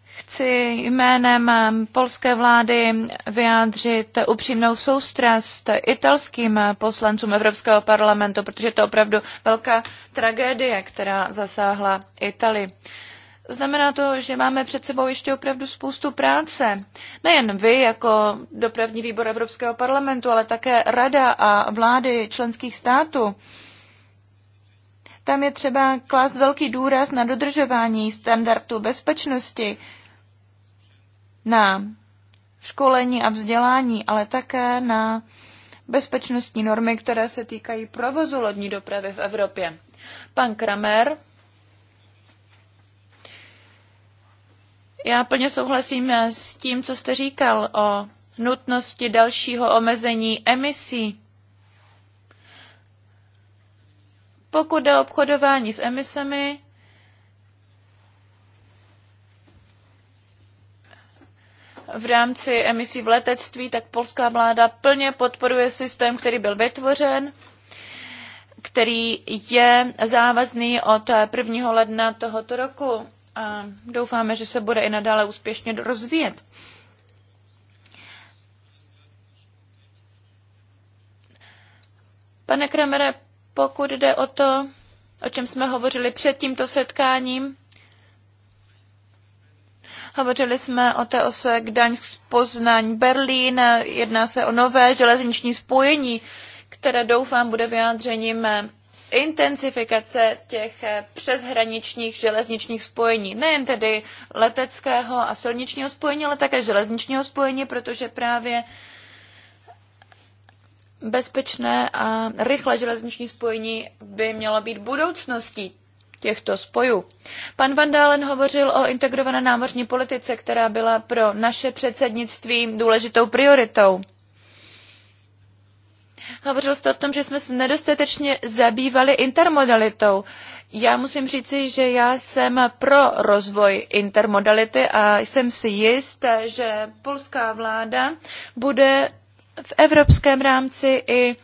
Chci jménem eh, polské vlády vyjádřit upřímnou soustrast italským eh, poslancům Evropského parlamentu, protože to je opravdu velká tragédie, která zasáhla Italii. Znamená to, že máme před sebou ještě opravdu spoustu práce. Nejen vy jako dopravní výbor Evropského parlamentu, ale také rada a vlády členských států. Tam je třeba klást velký důraz na dodržování standardů bezpečnosti, na školení a vzdělání, ale také na bezpečnostní normy, které se týkají provozu lodní dopravy v Evropě. Pan Kramer Já plně souhlasím eh, s tím, co jste říkal o nutnosti dalšího omezení emisí. Pokud jde o obchodování s emisemi, v rámci emisí v letectví, tak polská vláda plně podporuje systém, který byl vytvořen, který je závazný od 1. Eh, ledna tohoto roku a doufáme, že se bude i nadále úspěšně rozvíjet. Pane Kremere, pokud jde o to, o čem jsme hovořili před tímto setkáním, Hovořili jsme o té ose Gdaňsk Poznaň Berlín. Jedná se o nové železniční spojení, které doufám bude vyjádřením intenzifikace těch eh, přeshraničních železničních spojení. Nejen tedy leteckého a silničního spojení, ale také železničního spojení, protože právě bezpečné a rychlé železniční spojení by mělo být budoucností těchto spojů. Pan Van Dalen hovořil o integrované námořní politice, která byla pro naše předsednictví důležitou prioritou. Hovořil jste o tom, že jsme se nedostatečně zabývali intermodalitou. Já musím říci, že já jsem pro rozvoj intermodality a jsem si jist, že polská vláda bude v evropském rámci i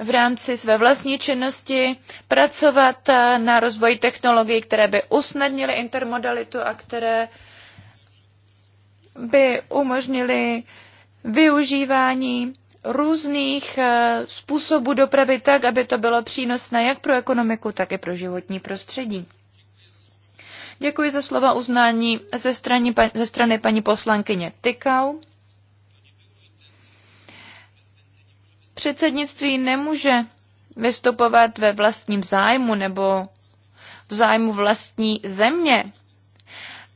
v rámci své vlastní činnosti pracovat na rozvoji technologií, které by usnadnily intermodalitu a které by umožnily využívání různých eh, způsobů dopravy tak, aby to bylo přínosné jak pro ekonomiku, tak i pro životní prostředí. Děkuji za slova uznání ze strany, ze strany paní poslankyně Tykau. Předsednictví nemůže vystupovat ve vlastním zájmu nebo v zájmu vlastní země,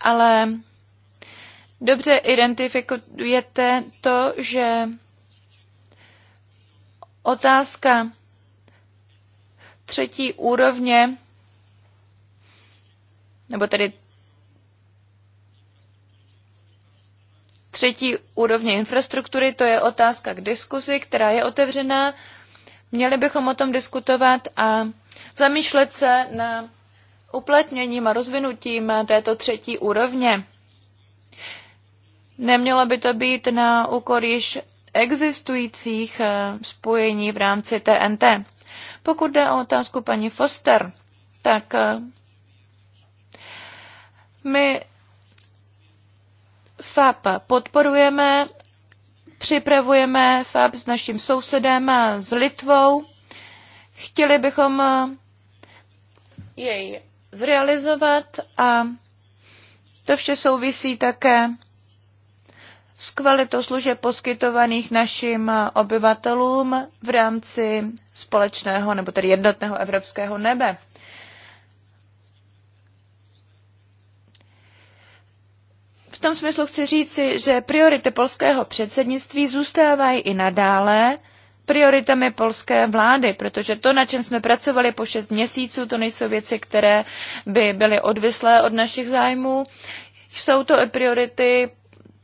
ale dobře identifikujete to, že Otázka třetí úrovně, nebo tedy třetí úrovně infrastruktury, to je otázka k diskuzi, která je otevřená. Měli bychom o tom diskutovat a zamýšlet se na uplatněním a rozvinutím této třetí úrovně. Nemělo by to být na úkor již existujících eh, spojení v rámci TNT. Pokud jde o otázku paní Foster, tak eh, my FAP podporujeme, připravujeme FAP s naším sousedem, eh, s Litvou. Chtěli bychom jej zrealizovat a to vše souvisí také s kvalitou služeb poskytovaných našim obyvatelům v rámci společného nebo tedy jednotného evropského nebe. V tom smyslu chci říci, že priority polského předsednictví zůstávají i nadále prioritami polské vlády, protože to, na čem jsme pracovali po šest měsíců, to nejsou věci, které by byly odvislé od našich zájmů. Jsou to i priority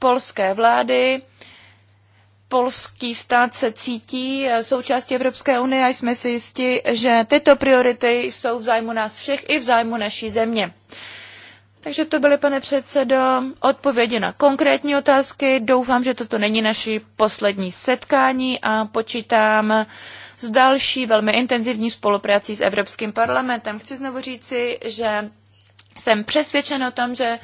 polské vlády. Polský stát se cítí eh, součástí Evropské unie a jsme si jisti, že tyto priority jsou v zájmu nás všech i v zájmu naší země. Takže to byly, pane předsedo, odpovědi na konkrétní otázky. Doufám, že toto není naši poslední setkání a počítám s další velmi intenzivní spoluprací s Evropským parlamentem. Chci znovu říci, že jsem přesvědčen o tom, že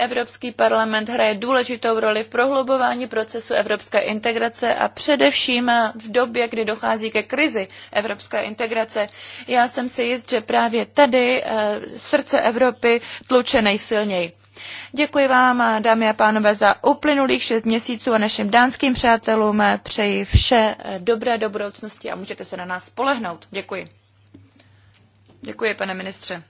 Evropský parlament hraje důležitou roli v prohlubování procesu evropské integrace a především v době, kdy dochází ke krizi evropské integrace. Já jsem si jist, že právě tady eh, srdce Evropy tluče nejsilněji. Děkuji vám, dámy a pánové, za uplynulých šest měsíců a našim dánským přátelům přeji vše eh, dobré do budoucnosti a můžete se na nás spolehnout. Děkuji. Děkuji, pane ministře.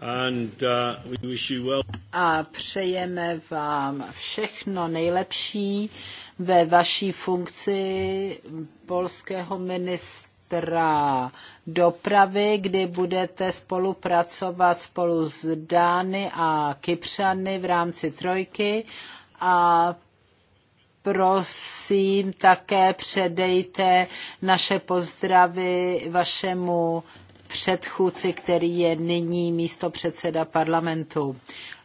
And, uh, we wish you well. A přejeme vám všechno nejlepší ve vaší funkci polského ministra dopravy, kdy budete spolupracovat spolu s Dány a Kypřany v rámci trojky a prosím také předejte naše pozdravy vašemu předchůdci, který je nyní místo předseda parlamentu.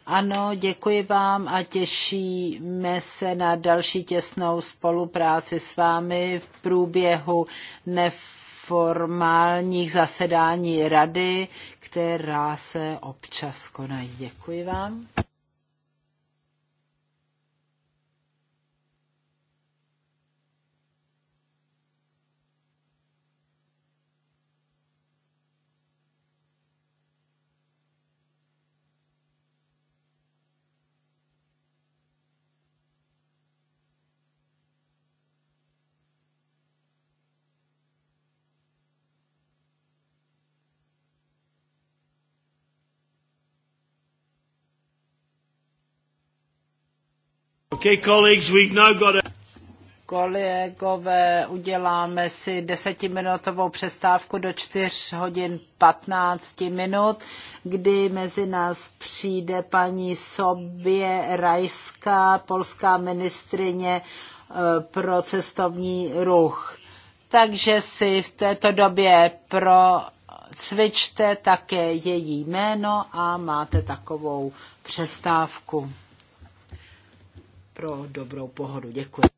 Ano, děkuji vám a těšíme se na další těsnou spolupráci s vámi v průběhu neformálních zasedání rady, která se občas konají. Děkuji vám. Okay, colleagues, we've now got a... Kolegové, uděláme si desetiminutovou přestávku do 4 hodin 15 minut, kdy mezi nás přijde paní Sobě Rajská, polská ministrině eh, pro cestovní ruch. Takže si v této době pro cvičte také její jméno a máte takovou přestávku pro dobrou pohodu. Děkuji.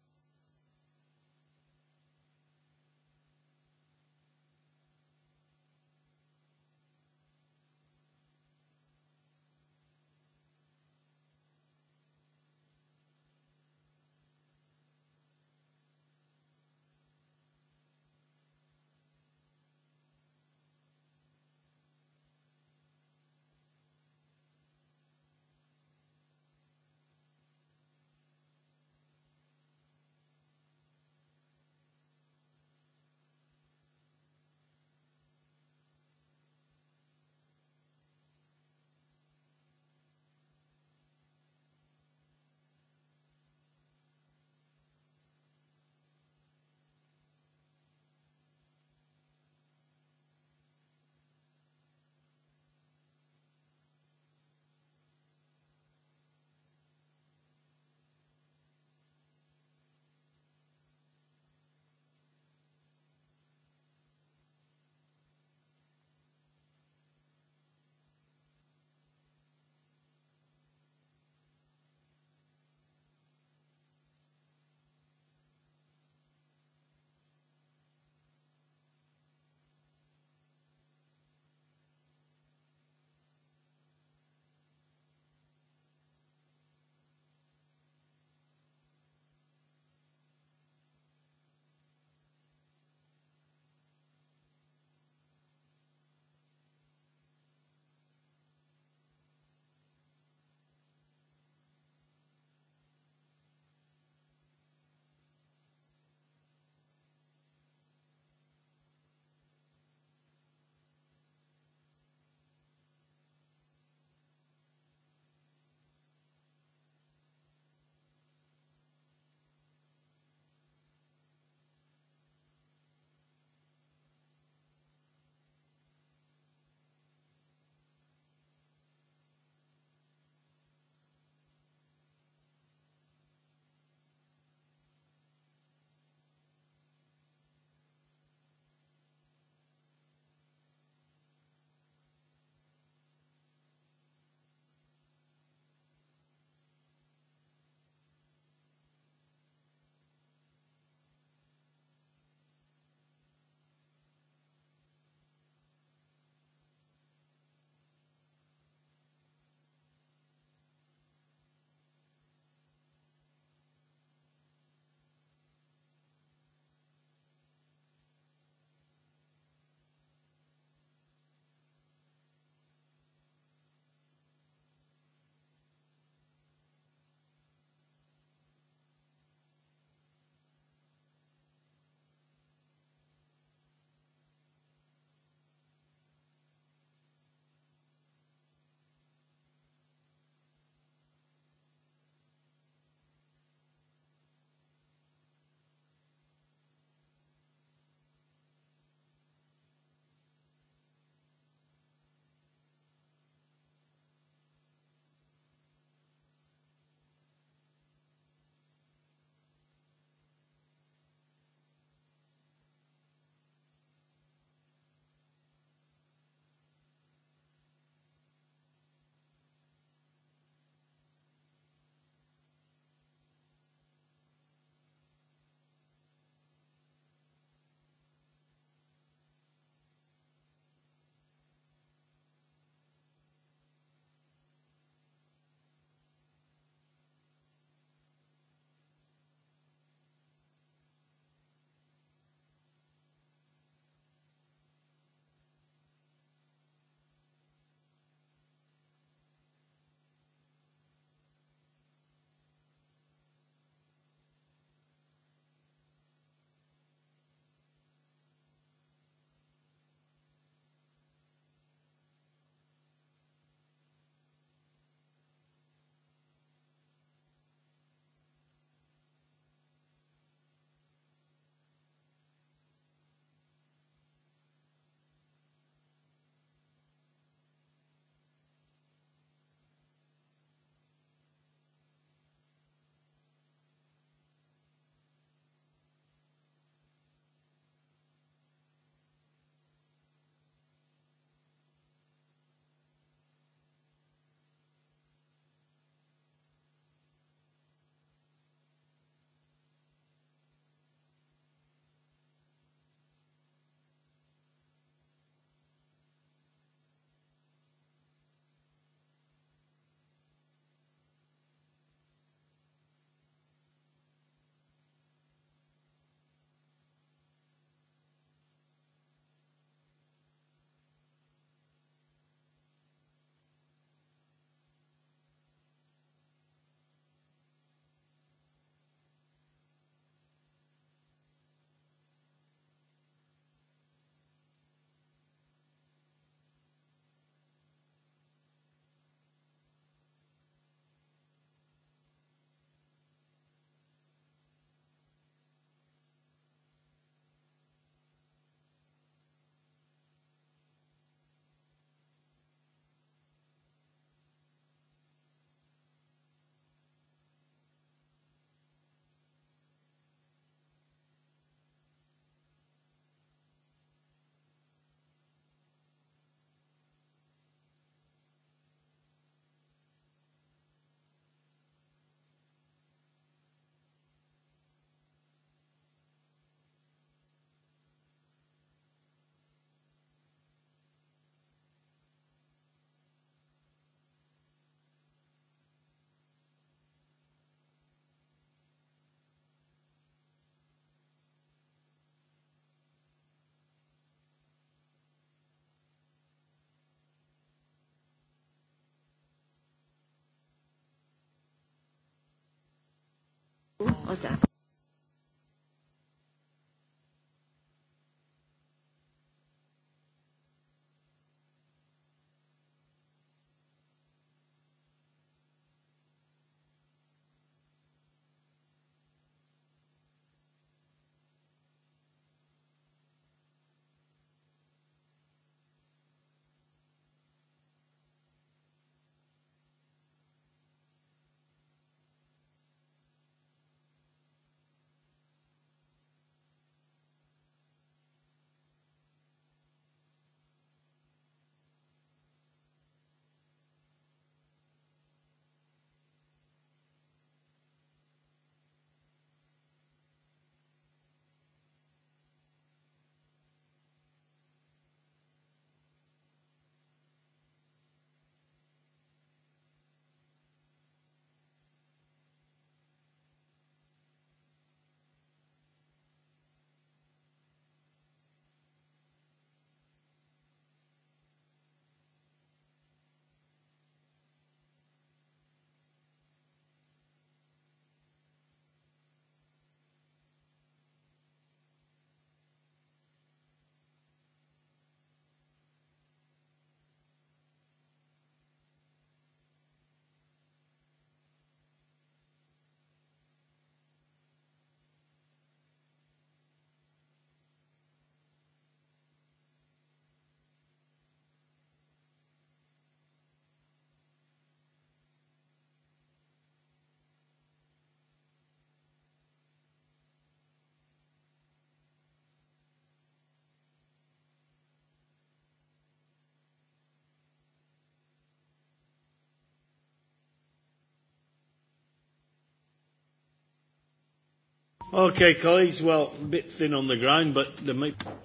Hm, oh, tak.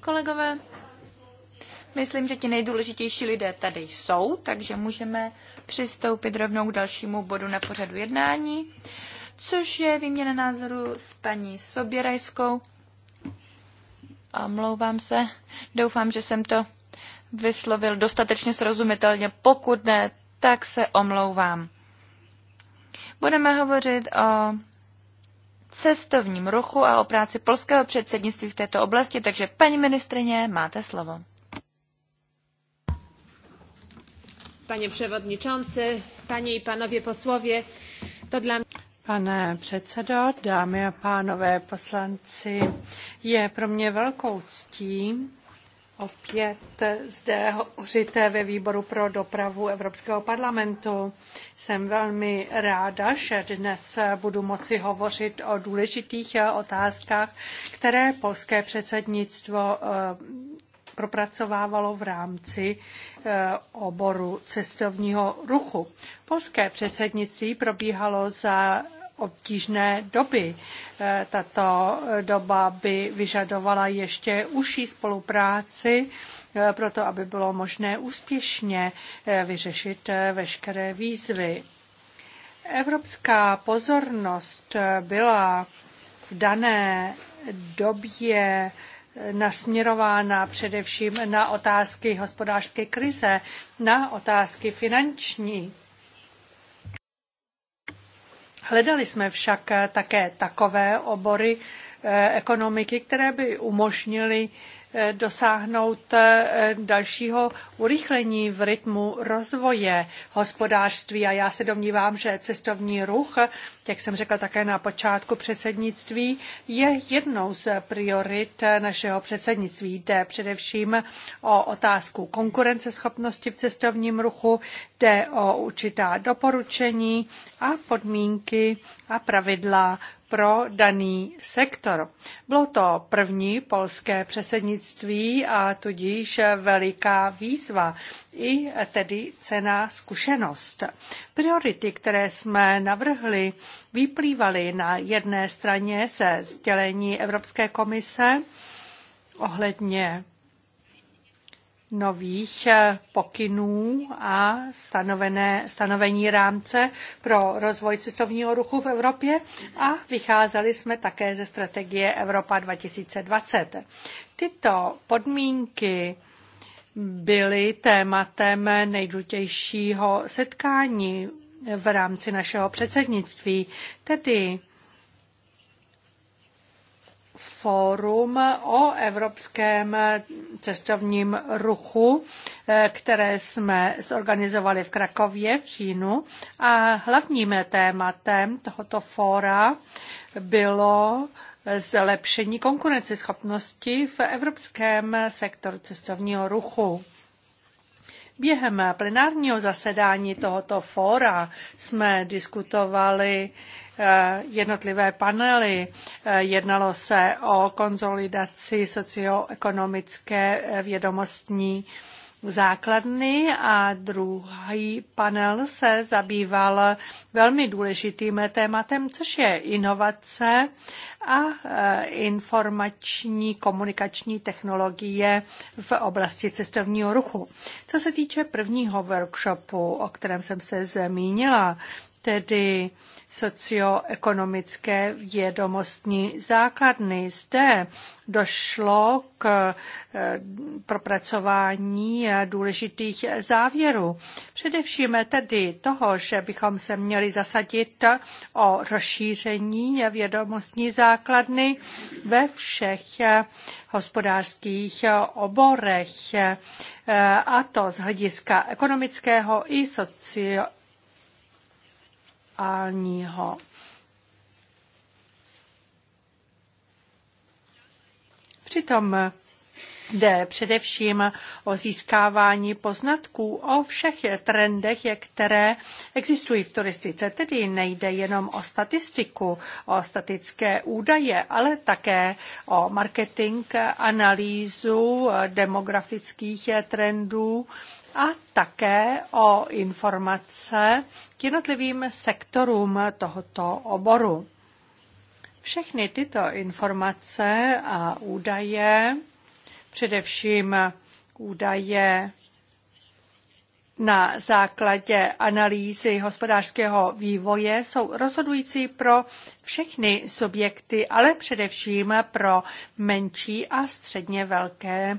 Kolegové, myslím, že ti nejdůležitější lidé tady jsou, takže můžeme přistoupit rovnou k dalšímu bodu na pořadu jednání, což je výměna názoru s paní Soběrajskou. Omlouvám se, doufám, že jsem to vyslovil dostatečně srozumitelně. Pokud ne, tak se omlouvám. Budeme hovořit o cestovním ruchu a o práci polského předsednictví v této oblasti, takže paní ministrině, máte slovo. Panie przewodniczący, panie i panowie posłowie, to dla mnie... Pane předsedo, dámy a pánové poslanci, je pro mě velkou ctí opět zde hovořit ve výboru pro dopravu Evropského parlamentu. Jsem velmi ráda, že dnes budu moci hovořit o důležitých otázkách, které polské předsednictvo eh, propracovávalo v rámci eh, oboru cestovního ruchu. Polské předsednictví probíhalo za obtížné doby. Eh, tato doba by vyžadovala ještě užší spolupráci, eh, proto aby bylo možné úspěšně eh, vyřešit veškeré výzvy. Evropská pozornost byla v dané době nasměrována především na otázky hospodářské krize, na otázky finanční Hledali jsme však eh, také takové obory eh, ekonomiky, které by umožnily dosáhnout eh, dalšího urychlení v rytmu rozvoje hospodářství. A já se domnívám, že cestovní ruch, jak jsem řekla také na počátku předsednictví, je jednou z priorit našeho předsednictví. Jde především o otázku konkurenceschopnosti v cestovním ruchu, jde o určitá doporučení a podmínky a pravidla pro daný sektor. Bylo to první polské předsednictví a tudíž veliká výzva i tedy cená zkušenost. Priority, které jsme navrhli, vyplývaly na jedné straně se sdělení Evropské komise ohledně nových eh, pokynů a stanovené, stanovení rámce pro rozvoj cestovního ruchu v Evropě a vycházeli jsme také ze strategie Evropa 2020. Tyto podmínky byly tématem nejdůležitějšího setkání v rámci našeho předsednictví, tedy fórum o evropském cestovním ruchu, eh, které jsme zorganizovali v Krakově v říjnu. A hlavním tématem tohoto fóra bylo zlepšení konkurenceschopnosti v evropském sektoru cestovního ruchu. Během plenárního zasedání tohoto fóra jsme diskutovali eh, jednotlivé panely. Eh, jednalo se o konzolidaci socioekonomické eh, vědomostní základny a druhý panel se zabýval velmi důležitým tématem, což je inovace a eh, informační komunikační technologie v oblasti cestovního ruchu. Co se týče prvního workshopu, o kterém jsem se zmínila, tedy socioekonomické vědomostní základny. Zde došlo k eh, propracování eh, důležitých závěrů. Především tedy toho, že bychom se měli zasadit o rozšíření vědomostní základny ve všech eh, hospodářských oborech, a to z hlediska ekonomického i socioekonomického aktuálního. Přitom Jde především o získávání poznatků o všech trendech, které existují v turistice. Tedy nejde jenom o statistiku, o statické údaje, ale také o marketing, analýzu demografických trendů a také o informace k jednotlivým sektorům tohoto oboru. Všechny tyto informace a údaje, především údaje na základě analýzy hospodářského vývoje jsou rozhodující pro všechny subjekty, ale především pro menší a středně velké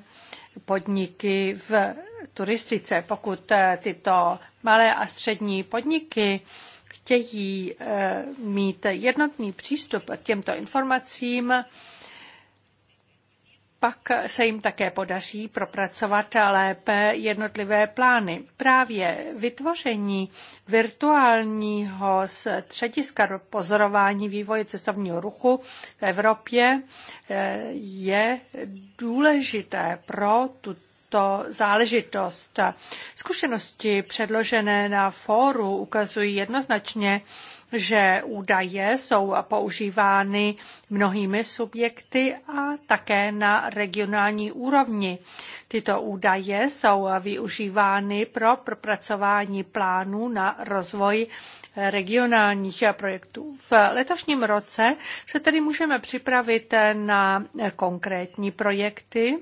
podniky v turistice, pokud eh, tyto malé a střední podniky chtějí eh, mít jednotný přístup k těmto informacím, pak se jim také podaří propracovat lépe jednotlivé plány. Právě vytvoření virtuálního střediska pozorování vývoje cestovního ruchu v Evropě eh, je důležité pro tuto tuto záležitost. Zkušenosti předložené na fóru ukazují jednoznačně, že údaje jsou používány mnohými subjekty a také na regionální úrovni. Tyto údaje jsou využívány pro propracování plánů na rozvoj regionálních projektů. V letošním roce se tedy můžeme připravit na konkrétní projekty,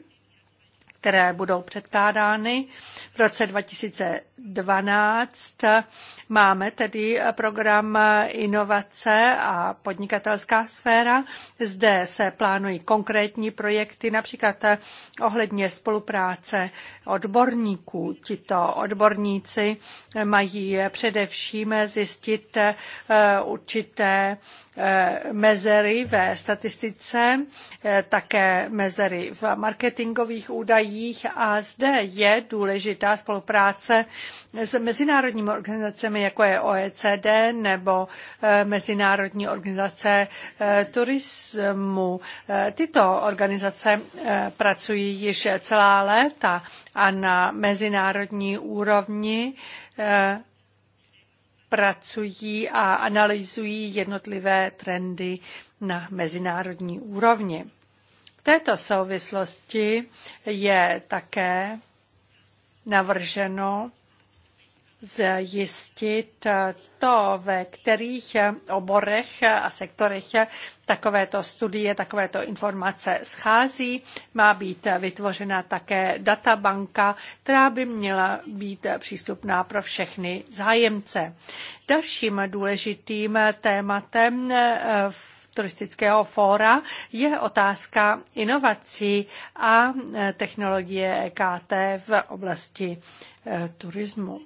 které budou předkládány. V roce 2012 máme tedy program inovace a podnikatelská sféra. Zde se plánují konkrétní projekty, například ohledně spolupráce odborníků. Tito odborníci mají především zjistit eh, určité Eh, mezery ve statistice, eh, také mezery v marketingových údajích a zde je důležitá spolupráce s mezinárodními organizacemi, jako je OECD nebo eh, Mezinárodní organizace turismu. Tyto organizace pracují již celá léta a na mezinárodní úrovni pracují a analyzují jednotlivé trendy na mezinárodní úrovni. V této souvislosti je také navrženo zjistit eh, to, ve kterých eh, oborech a sektorech eh, takovéto studie, takovéto informace schází. Má být vytvořena také databanka, která by měla být přístupná pro všechny zájemce. Dalším důležitým tématem v turistického fóra je otázka inovací a technologie EKT v oblasti turismu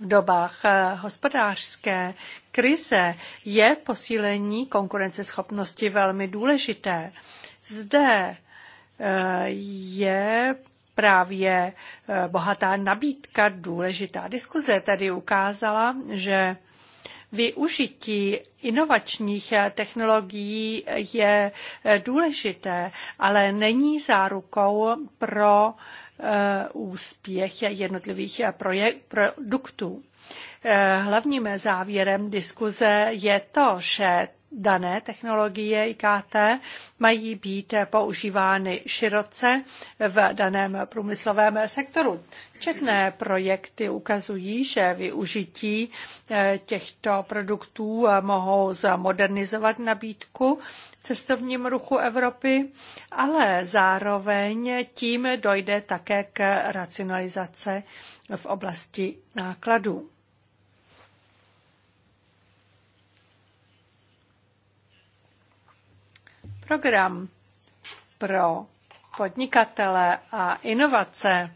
v dobách eh, hospodářské krize je posílení konkurenceschopnosti velmi důležité. Zde eh, je právě eh, bohatá nabídka důležitá. Diskuze tedy ukázala, že využití inovačních technologií je důležité, ale není zárukou pro Eh, úspěch jednotlivých eh, projekt, produktů. Eh, hlavním závěrem diskuze je to, že dané technologie IKT mají být používány široce v daném průmyslovém sektoru. Četné projekty ukazují, že využití těchto produktů mohou zmodernizovat nabídku cestovním ruchu Evropy, ale zároveň tím dojde také k racionalizace v oblasti nákladů. Program pro podnikatele a inovace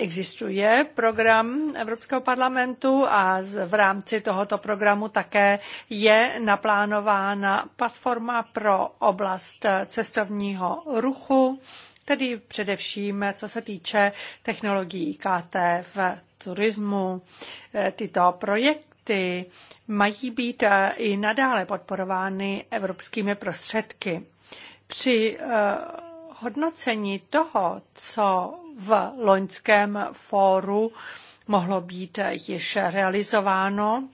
Existuje program Evropského parlamentu a v rámci tohoto programu také je naplánována platforma pro oblast cestovního ruchu, tedy především co se týče technologií KT v turismu. E, tyto projekty mají být e, i nadále podporovány evropskými prostředky. Při e, hodnocení toho, co v loňském fóru mohlo být již realizováno,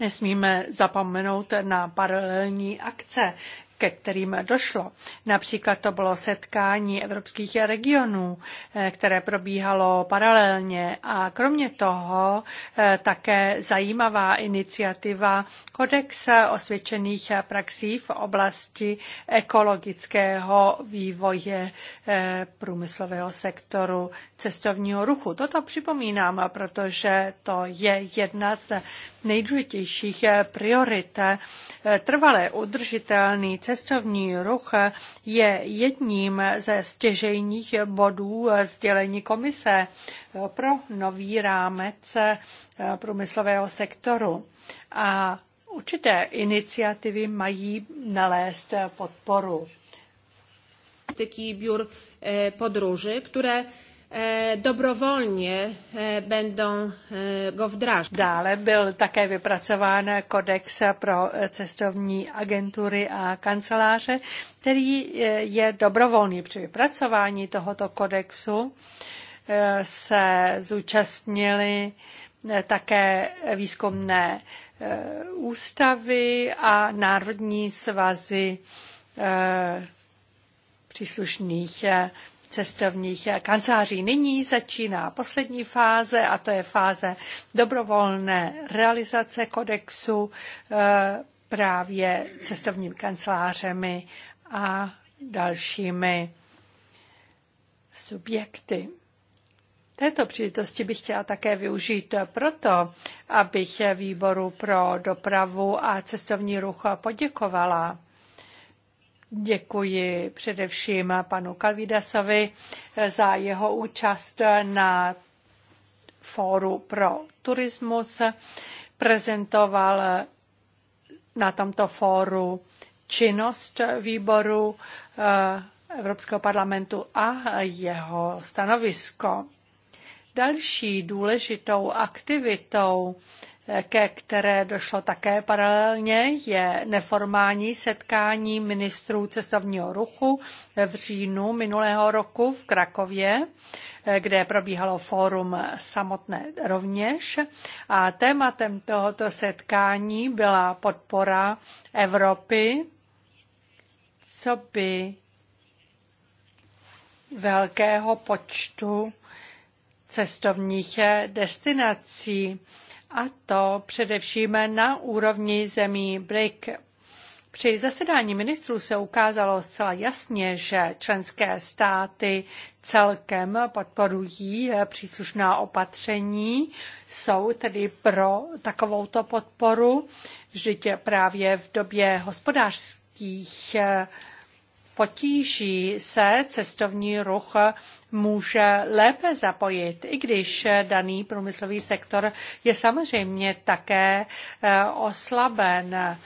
Nesmíme zapomenout na paralelní akce, ke kterým došlo. Například to bylo setkání evropských regionů, eh, které probíhalo paralelně a kromě toho eh, také zajímavá iniciativa Kodex osvědčených praxí v oblasti ekologického vývoje eh, průmyslového sektoru cestovního ruchu. Toto připomínám, protože to je jedna z nejdůležitějších eh, priorit. Eh, Trvalé udržitelný cestovní ruch eh, je jedním ze stěžejních bodů sdělení komise pro nový rámec průmyslového sektoru. A určité iniciativy mají nalézt podporu. Bjur podróży, které Eh, dobrovolně eh, będą eh, go wdrażać. Dále byl také vypracován kodex pro cestovní agentury a kanceláře, který je dobrovolný při vypracování tohoto kodexu. Se zúčastnili také výzkumné ústavy a národní svazy příslušných cestovních kanceláří. Nyní začíná poslední fáze a to je fáze dobrovolné realizace kodexu eh, právě cestovními kancelářemi a dalšími subjekty. Této příležitosti bych chtěla také využít proto, abych výboru pro dopravu a cestovní ruch poděkovala Děkuji především panu Kalvidasovi za jeho účast na fóru pro turismus. Prezentoval na tomto fóru činnost výboru eh, Evropského parlamentu a jeho stanovisko. Další důležitou aktivitou ke které došlo také paralelně, je neformální setkání ministrů cestovního ruchu v říjnu minulého roku v Krakově, kde probíhalo fórum samotné rovněž. A tématem tohoto setkání byla podpora Evropy, co by velkého počtu cestovních destinací a to především na úrovni zemí BRIC. Při zasedání ministrů se ukázalo zcela jasně, že členské státy celkem podporují příslušná opatření, jsou tedy pro takovouto podporu, vždyť právě v době hospodářských potíží se cestovní ruch může lépe zapojit, i když daný průmyslový sektor je samozřejmě také eh, oslaben.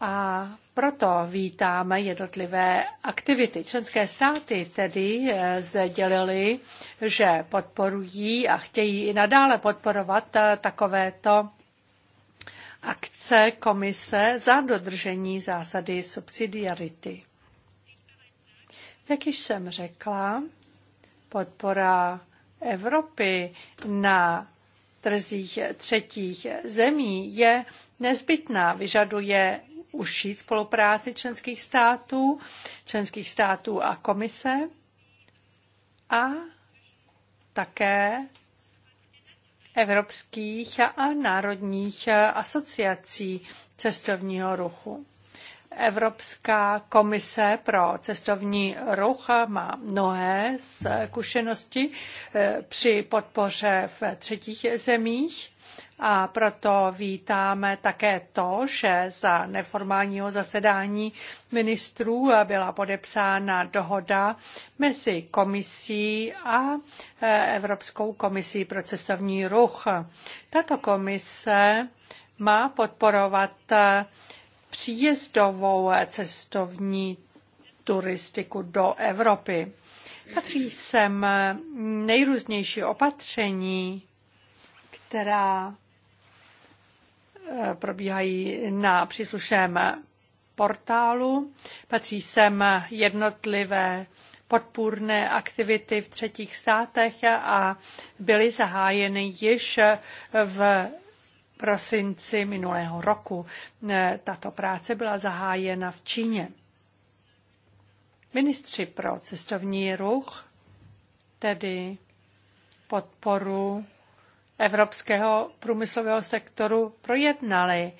A proto vítáme jednotlivé aktivity. Členské státy tedy eh, sdělili, že podporují a chtějí i nadále podporovat eh, takovéto akce komise za dodržení zásady subsidiarity. Jak již jsem řekla, podpora Evropy na trzích třetích zemí je nezbytná, vyžaduje užší spolupráci členských států, členských států a komise a také evropských a národních asociací cestovního ruchu. Evropská komise pro cestovní ruch má mnohé zkušenosti eh, při podpoře v třetích zemích. A proto vítáme také to, že za neformálního zasedání ministrů byla podepsána dohoda mezi komisí a eh, Evropskou komisí pro cestovní ruch. Tato komise má podporovat eh, příjezdovou cestovní turistiku do Evropy. Patří sem nejrůznější opatření, která eh, probíhají na příslušném portálu. Patří sem jednotlivé podpůrné aktivity v třetích státech a byly zahájeny již v prosinci minulého roku. E, tato práce byla zahájena v Číně. Ministři pro cestovní ruch, tedy podporu evropského průmyslového sektoru, projednali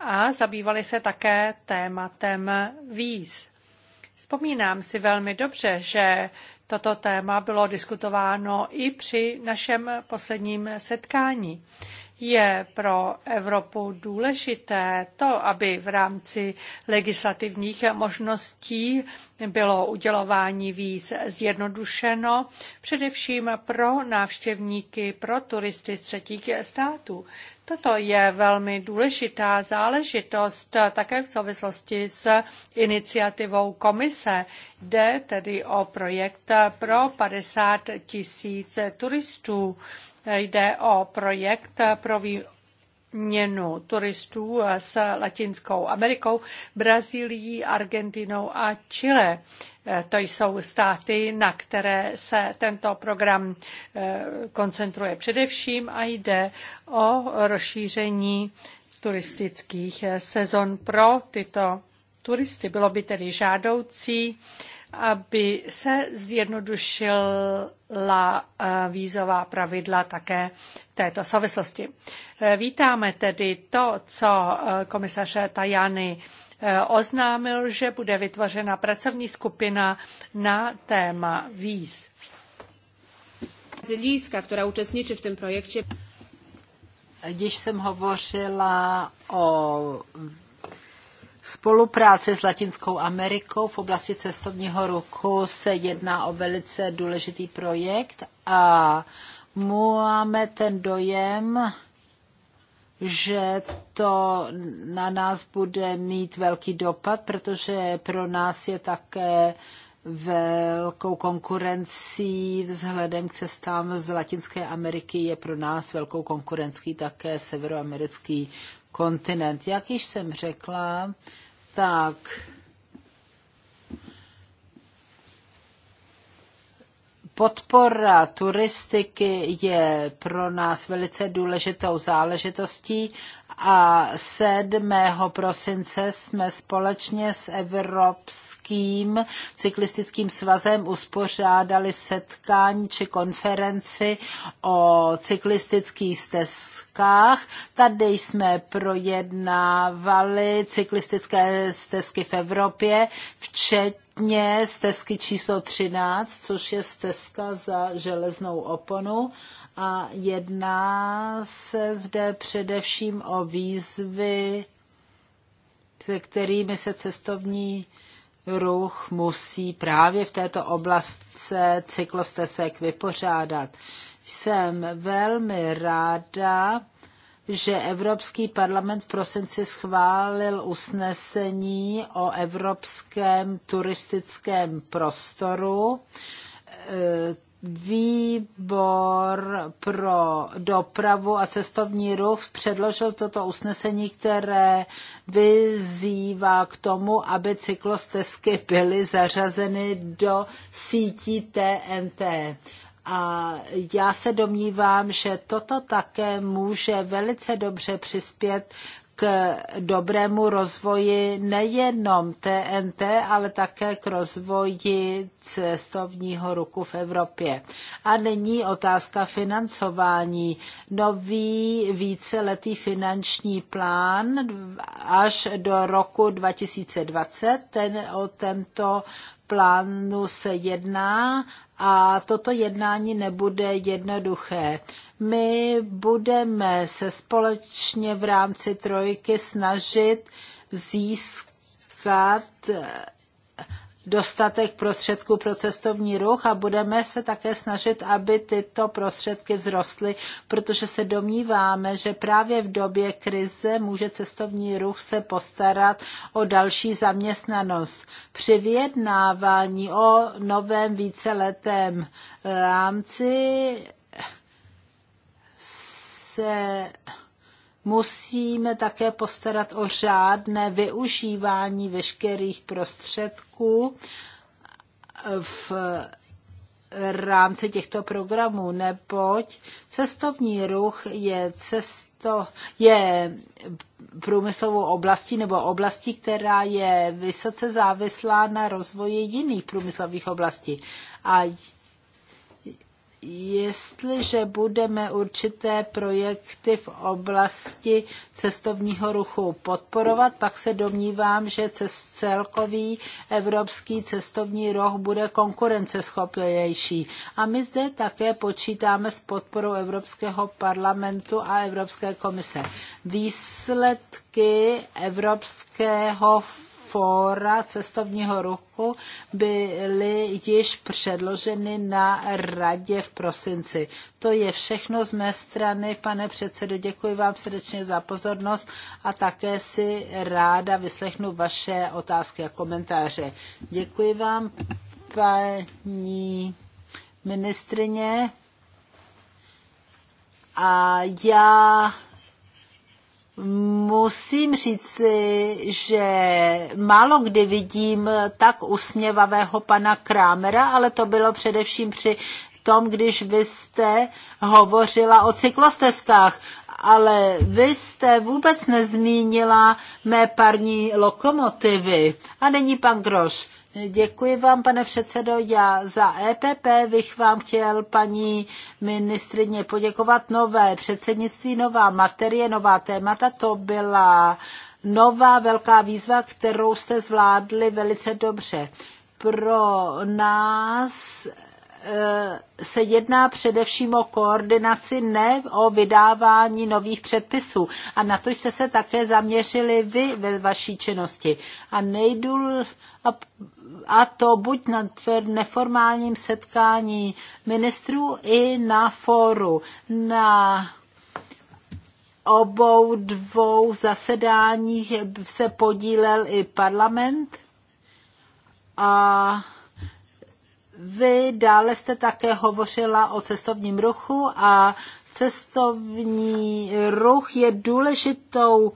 a zabývali se také tématem víz. Vzpomínám si velmi dobře, že toto téma bylo diskutováno i při našem posledním setkání. Je pro Evropu důležité to, aby v rámci legislativních možností bylo udělování víc zjednodušeno, především pro návštěvníky, pro turisty z třetích států. Toto je velmi důležitá záležitost také v souvislosti s iniciativou komise. Jde tedy o projekt pro 50 tisíc turistů. Jde o projekt pro výměnu turistů s Latinskou Amerikou, Brazílií, Argentinou a Chile. Eh, to jsou státy, na které se tento program eh, koncentruje především a jde o rozšíření turistických sezon pro tyto turisty. Bylo by tedy žádoucí aby se zjednodušila eh, vízová pravidla také této souvislosti. Eh, vítáme tedy to, co eh, komisaře Tajany oznámil, že bude vytvořena pracovní skupina na téma víz. Zilijska, která účastníčí v tom projektu. Když jsem hovořila o spolupráce s Latinskou Amerikou v oblasti cestovního ruchu se jedná o velice důležitý projekt a máme ten dojem, že to na nás bude mít velký dopad, protože pro nás je také velkou konkurencí vzhledem k cestám z Latinské Ameriky je pro nás velkou konkurencí také severoamerický kontinent. Jak již jsem řekla, tak podpora turistiky je pro nás velice důležitou záležitostí a 7. prosince jsme společně s Evropským cyklistickým svazem uspořádali setkání či konferenci o cyklistických stezkách stovkách. Tady jsme projednávali cyklistické stezky v Evropě, včetně stezky číslo 13, což je stezka za železnou oponu a jedná se zde především o výzvy, se kterými se cestovní ruch musí právě v této oblasti cyklostesek vypořádat. Jsem velmi ráda, že Evropský parlament v prosinci schválil usnesení o evropském turistickém prostoru. E, výbor pro dopravu a cestovní ruch předložil toto usnesení, které vyzývá k tomu, aby cyklostezky byly zařazeny do sítí TNT. A já se domnívám, že toto také může velice dobře přispět k dobrému rozvoji nejenom TNT, ale také k rozvoji cestovního ruku v Evropě. A není otázka financování. Nový víceletý finanční plán až do roku 2020, ten o tento plánu se jedná a toto jednání nebude jednoduché. My budeme se společně v rámci trojky snažit získat dostatek prostředků pro cestovní ruch a budeme se také snažit, aby tyto prostředky vzrostly, protože se domníváme, že právě v době krize může cestovní ruch se postarat o další zaměstnanost. Při vyjednávání o novém víceletém rámci se musíme také postarat o řádné využívání veškerých prostředků v rámci těchto programů, neboť cestovní ruch je cesto, je průmyslovou oblastí nebo oblastí, která je vysoce závislá na rozvoji jiných průmyslových oblastí. A jestliže budeme určité projekty v oblasti cestovního ruchu podporovat, pak se domnívám, že celkový evropský cestovní roh bude konkurenceschopnější. A my zde také počítáme s podporou Evropského parlamentu a Evropské komise. Výsledky Evropského fóra cestovního ruchu byly již předloženy na radě v prosinci. To je všechno z mé strany, pane předsedo. Děkuji vám srdečně za pozornost a také si ráda vyslechnu vaše otázky a komentáře. Děkuji vám, paní ministrině. A já Musím říci, že málo kdy vidím tak usměvavého pana Krámera, ale to bylo především při tom, když vy jste hovořila o cyklostezkách, ale vy jste vůbec nezmínila mé parní lokomotivy. A není pan Groš. Děkuji vám, pane předsedo. Já za EPP bych vám chtěl, paní ministrině, poděkovat nové předsednictví, nová materie, nová témata. To byla nová velká výzva, kterou jste zvládli velice dobře. Pro nás eh, se jedná především o koordinaci, ne o vydávání nových předpisů. A na to jste se také zaměřili vy ve vaší činnosti. A nejdůl... A a to buď na neformálním setkání ministrů i na fóru. Na obou dvou zasedáních se podílel i parlament a vy dále jste také hovořila o cestovním ruchu a cestovní ruch je důležitou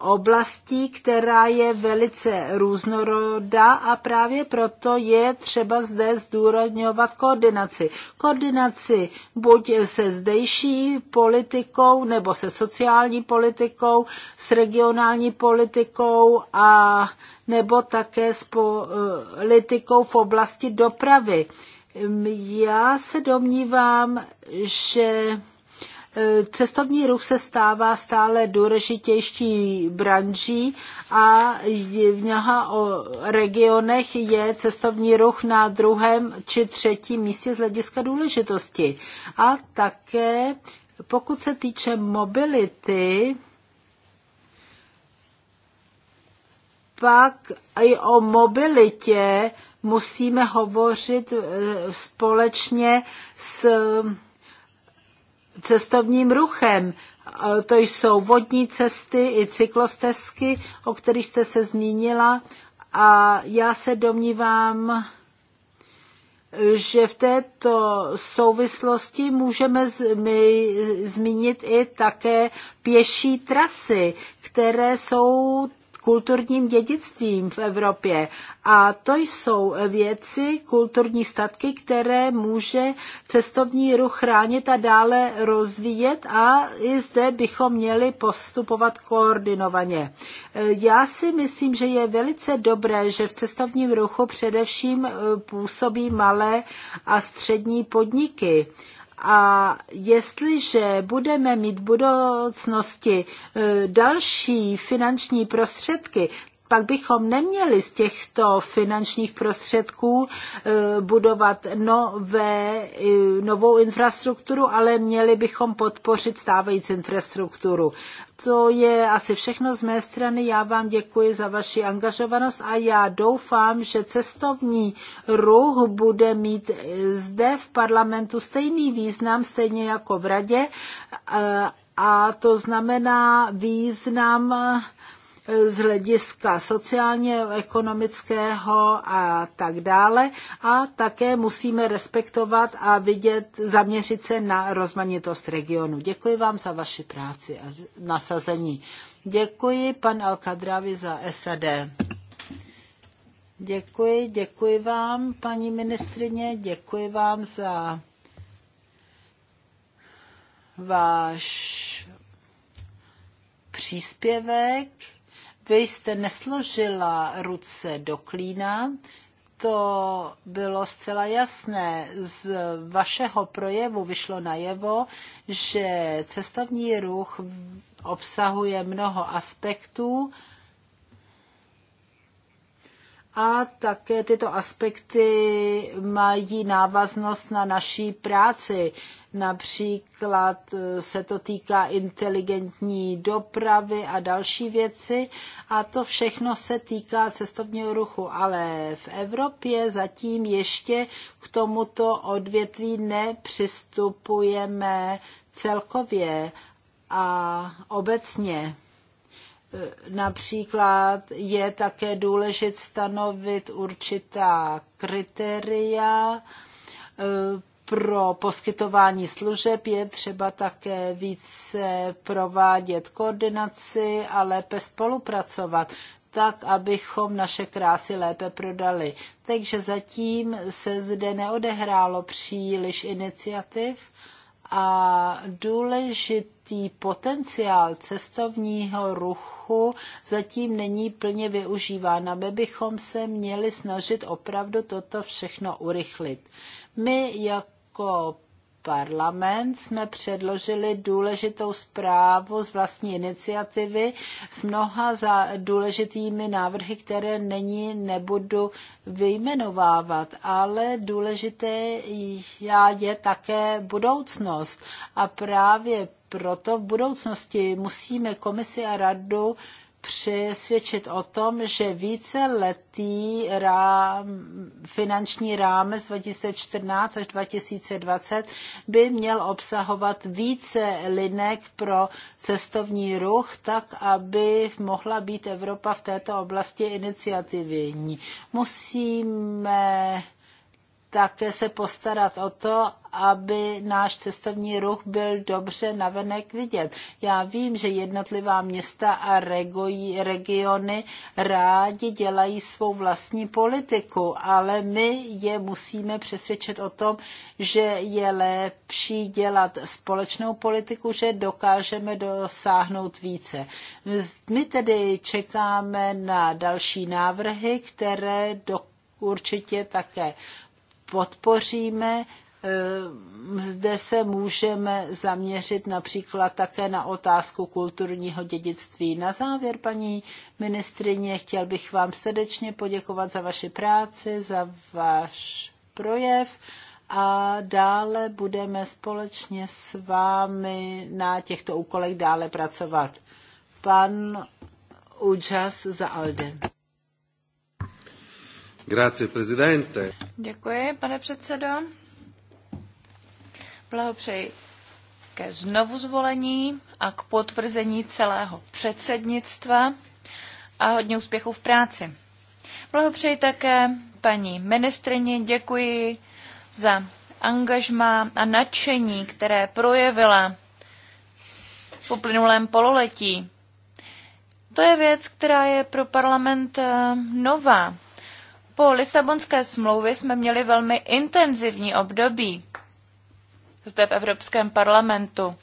oblastí, která je velice různorodá a právě proto je třeba zde zdůrazňovat koordinaci. Koordinaci buď se zdejší politikou nebo se sociální politikou, s regionální politikou a nebo také s politikou v oblasti dopravy. Já se domnívám, že Cestovní ruch se stává stále důležitější branží a v mnoha regionech je cestovní ruch na druhém či třetím místě z hlediska důležitosti. A také pokud se týče mobility, pak i o mobilitě musíme hovořit e, společně s cestovním ruchem. To jsou vodní cesty i cyklostezky, o kterých jste se zmínila. A já se domnívám, že v této souvislosti můžeme zmínit i také pěší trasy, které jsou kulturním dědictvím v Evropě. A to jsou věci, kulturní statky, které může cestovní ruch chránit a dále rozvíjet a i zde bychom měli postupovat koordinovaně. Já si myslím, že je velice dobré, že v cestovním ruchu především působí malé a střední podniky. A jestliže budeme mít v budoucnosti eh, další finanční prostředky, pak bychom neměli z těchto finančních prostředků e, budovat nové, e, novou infrastrukturu, ale měli bychom podpořit stávající infrastrukturu. To je asi všechno z mé strany. Já vám děkuji za vaši angažovanost a já doufám, že cestovní ruch bude mít e, zde v parlamentu stejný význam, stejně jako v radě. A to znamená význam z hlediska sociálně, ekonomického a tak dále. A také musíme respektovat a vidět, zaměřit se na rozmanitost regionu. Děkuji vám za vaši práci a nasazení. Děkuji pan Alkadravi za SAD. Děkuji, děkuji vám, paní ministrině, děkuji vám za váš příspěvek. Vy jste nesložila ruce do klína, to bylo zcela jasné. Z vašeho projevu vyšlo najevo, že cestovní ruch obsahuje mnoho aspektů a také tyto aspekty mají návaznost na naší práci. Například eh, se to týká inteligentní dopravy a další věci a to všechno se týká cestovního ruchu, ale v Evropě zatím ještě k tomuto odvětví nepřistupujeme celkově a obecně. Například je také důležit stanovit určitá kritéria eh, pro poskytování služeb je třeba také více provádět koordinaci a lépe spolupracovat tak, abychom naše krásy lépe prodali. Takže zatím se zde neodehrálo příliš iniciativ a důležité určitý potenciál cestovního ruchu zatím není plně využíván a my bychom se měli snažit opravdu toto všechno urychlit. My jako parlament jsme předložili důležitou zprávu z vlastní iniciativy s mnoha za důležitými návrhy, které není nebudu vyjmenovávat, ale důležité je také budoucnost. A právě proto v budoucnosti musíme komisi a radu přesvědčit o tom, že více letý rám, finanční rámec 2014 až 2020 by měl obsahovat více linek pro cestovní ruch, tak aby mohla být Evropa v této oblasti iniciativní. Musíme také se postarat o to, aby náš cestovní ruch byl dobře navenek vidět. Já vím, že jednotlivá města a regiony rádi dělají svou vlastní politiku, ale my je musíme přesvědčit o tom, že je lepší dělat společnou politiku, že dokážeme dosáhnout více. My tedy čekáme na další návrhy, které do určitě také podpoříme, ehm, zde se můžeme zaměřit například také na otázku kulturního dědictví. Na závěr, paní ministrině, chtěl bych vám srdečně poděkovat za vaši práci, za váš projev a dále budeme společně s vámi na těchto úkolech dále pracovat. Pan Ujas za Alde. Děkuji, pane předsedo. Blahopřeji ke znovu zvolení a k potvrzení celého předsednictva a hodně úspěchů v práci. Blahopřeji také paní ministrině, děkuji za angažma a nadšení, které projevila v uplynulém pololetí. To je věc, která je pro parlament eh, nová. Po Lisabonské smlouvě jsme měli velmi intenzivní období zde v Evropském parlamentu,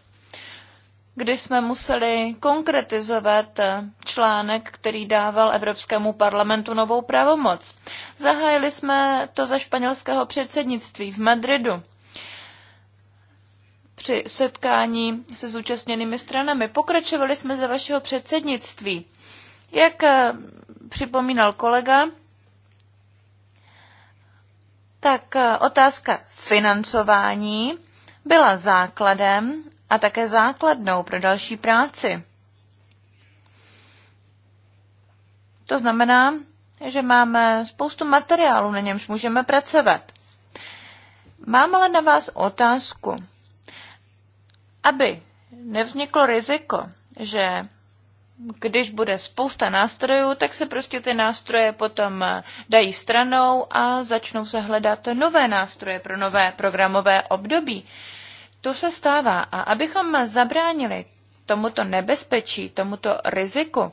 kdy jsme museli konkretizovat článek, který dával Evropskému parlamentu novou pravomoc. Zahájili jsme to za španělského předsednictví v Madridu při setkání se zúčastněnými stranami. Pokračovali jsme za vašeho předsednictví. Jak připomínal kolega, tak eh, otázka financování byla základem a také základnou pro další práci. To znamená, že máme spoustu materiálu, na němž můžeme pracovat. Mám ale na vás otázku. Aby nevzniklo riziko, že když bude spousta nástrojů, tak se prostě ty nástroje potom eh, dají stranou a začnou se hledat nové nástroje pro nové programové období. To se stává a abychom zabránili tomuto nebezpečí, tomuto riziku,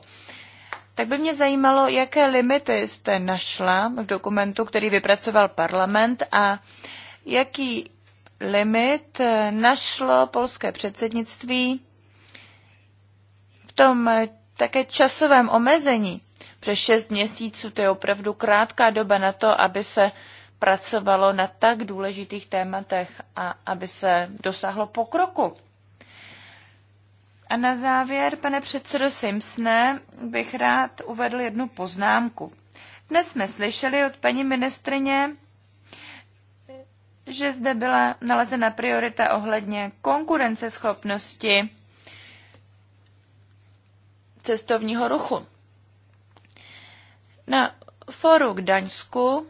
tak by mě zajímalo, jaké limity jste našla v dokumentu, který vypracoval parlament a jaký limit eh, našlo polské předsednictví tom eh, také časovém omezení, přes šest měsíců to je opravdu krátká doba na to, aby se pracovalo na tak důležitých tématech a aby se dosáhlo pokroku. A na závěr, pane předsedo Simpsone, bych rád uvedl jednu poznámku. Dnes jsme slyšeli od paní ministrině, že zde byla nalezena priorita ohledně konkurenceschopnosti cestovního ruchu. Na foru k Daňsku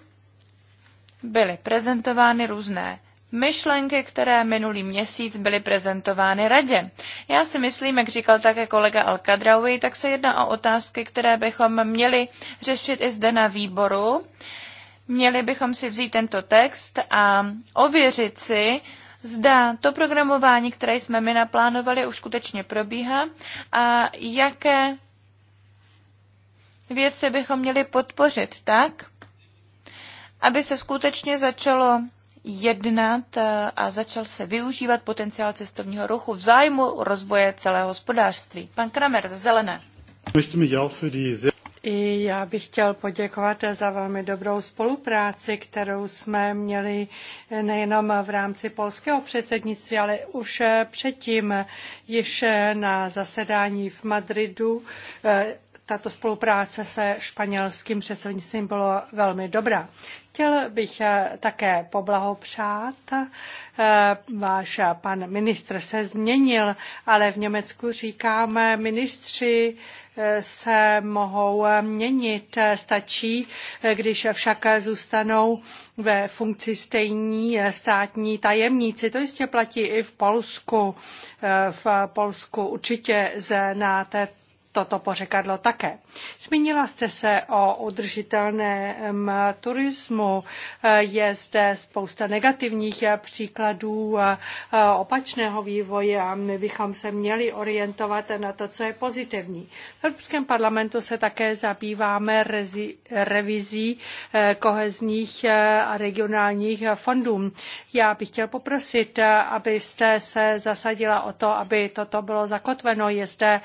byly prezentovány různé myšlenky, které minulý měsíc byly prezentovány radě. Já si myslím, jak říkal také kolega al tak se jedná o otázky, které bychom měli řešit i zde na výboru. Měli bychom si vzít tento text a ověřit si, zda to programování, které jsme my naplánovali, už skutečně probíhá a jaké věci bychom měli podpořit tak, aby se skutečně začalo jednat eh, a začal se využívat potenciál cestovního ruchu v zájmu rozvoje celého hospodářství. Pan Kramer ze Zelené. I já bych chtěl poděkovat za velmi dobrou spolupráci, kterou jsme měli nejenom v rámci polského předsednictví, ale už předtím, již na zasedání v Madridu. Tato spolupráce se španělským předsednictvím byla velmi dobrá. Chtěl bych také poblahopřát. Eh, váš pan ministr se změnil, ale v Německu říkáme ministři se mohou měnit. Stačí, když však zůstanou ve funkci stejní státní tajemníci. To jistě platí i v Polsku. V Polsku určitě na této toto pořekadlo také. Zmínila jste se o udržitelném turismu. Je zde spousta negativních příkladů opačného vývoje a my bychom se měli orientovat na to, co je pozitivní. V Evropském parlamentu se také zabýváme rezi, revizí eh, kohezních eh, a regionálních fondů. Já bych chtěl poprosit, eh, abyste se zasadila o to, aby toto bylo zakotveno. Je zde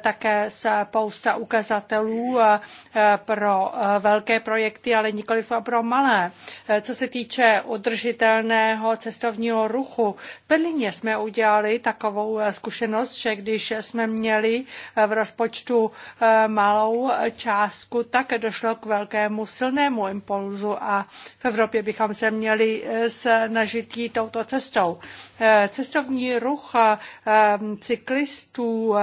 také se spousta ukazatelů eh, eh, pro eh, velké projekty, ale nikoli pro malé. Co se týče udržitelného cestovního ruchu, v Berlíně jsme udělali takovou zkušenost, že když jsme měli v rozpočtu malou částku, tak došlo k velkému silnému impulzu a v Evropě bychom se měli snažit jít touto cestou. Cestovní ruch cyklistů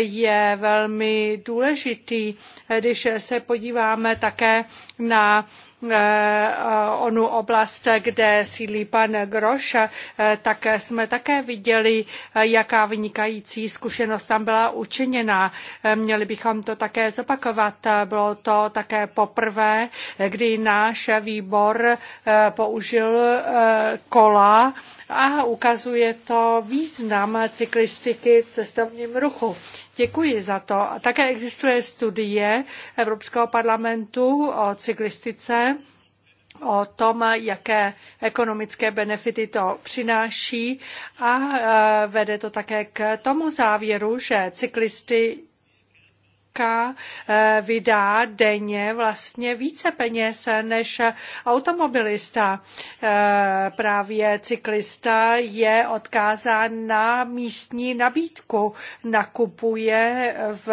je v velmi důležitý, když se podíváme také na eh, onu oblast, kde sídlí pan Groš, eh, tak jsme také viděli, eh, jaká vynikající zkušenost tam byla učiněna. Měli bychom to také zopakovat. Bylo to také poprvé, kdy náš výbor použil kola a ukazuje to význam cyklistiky v cestovním ruchu. Děkuji za to. Také existuje studie Evropského parlamentu o cyklistice o tom, jaké ekonomické benefity to přináší a e, vede to také k tomu závěru, že cyklisty dodávka eh, vydá denně vlastně více peněz než automobilista. Eh, právě cyklista je odkázán na místní nabídku, nakupuje v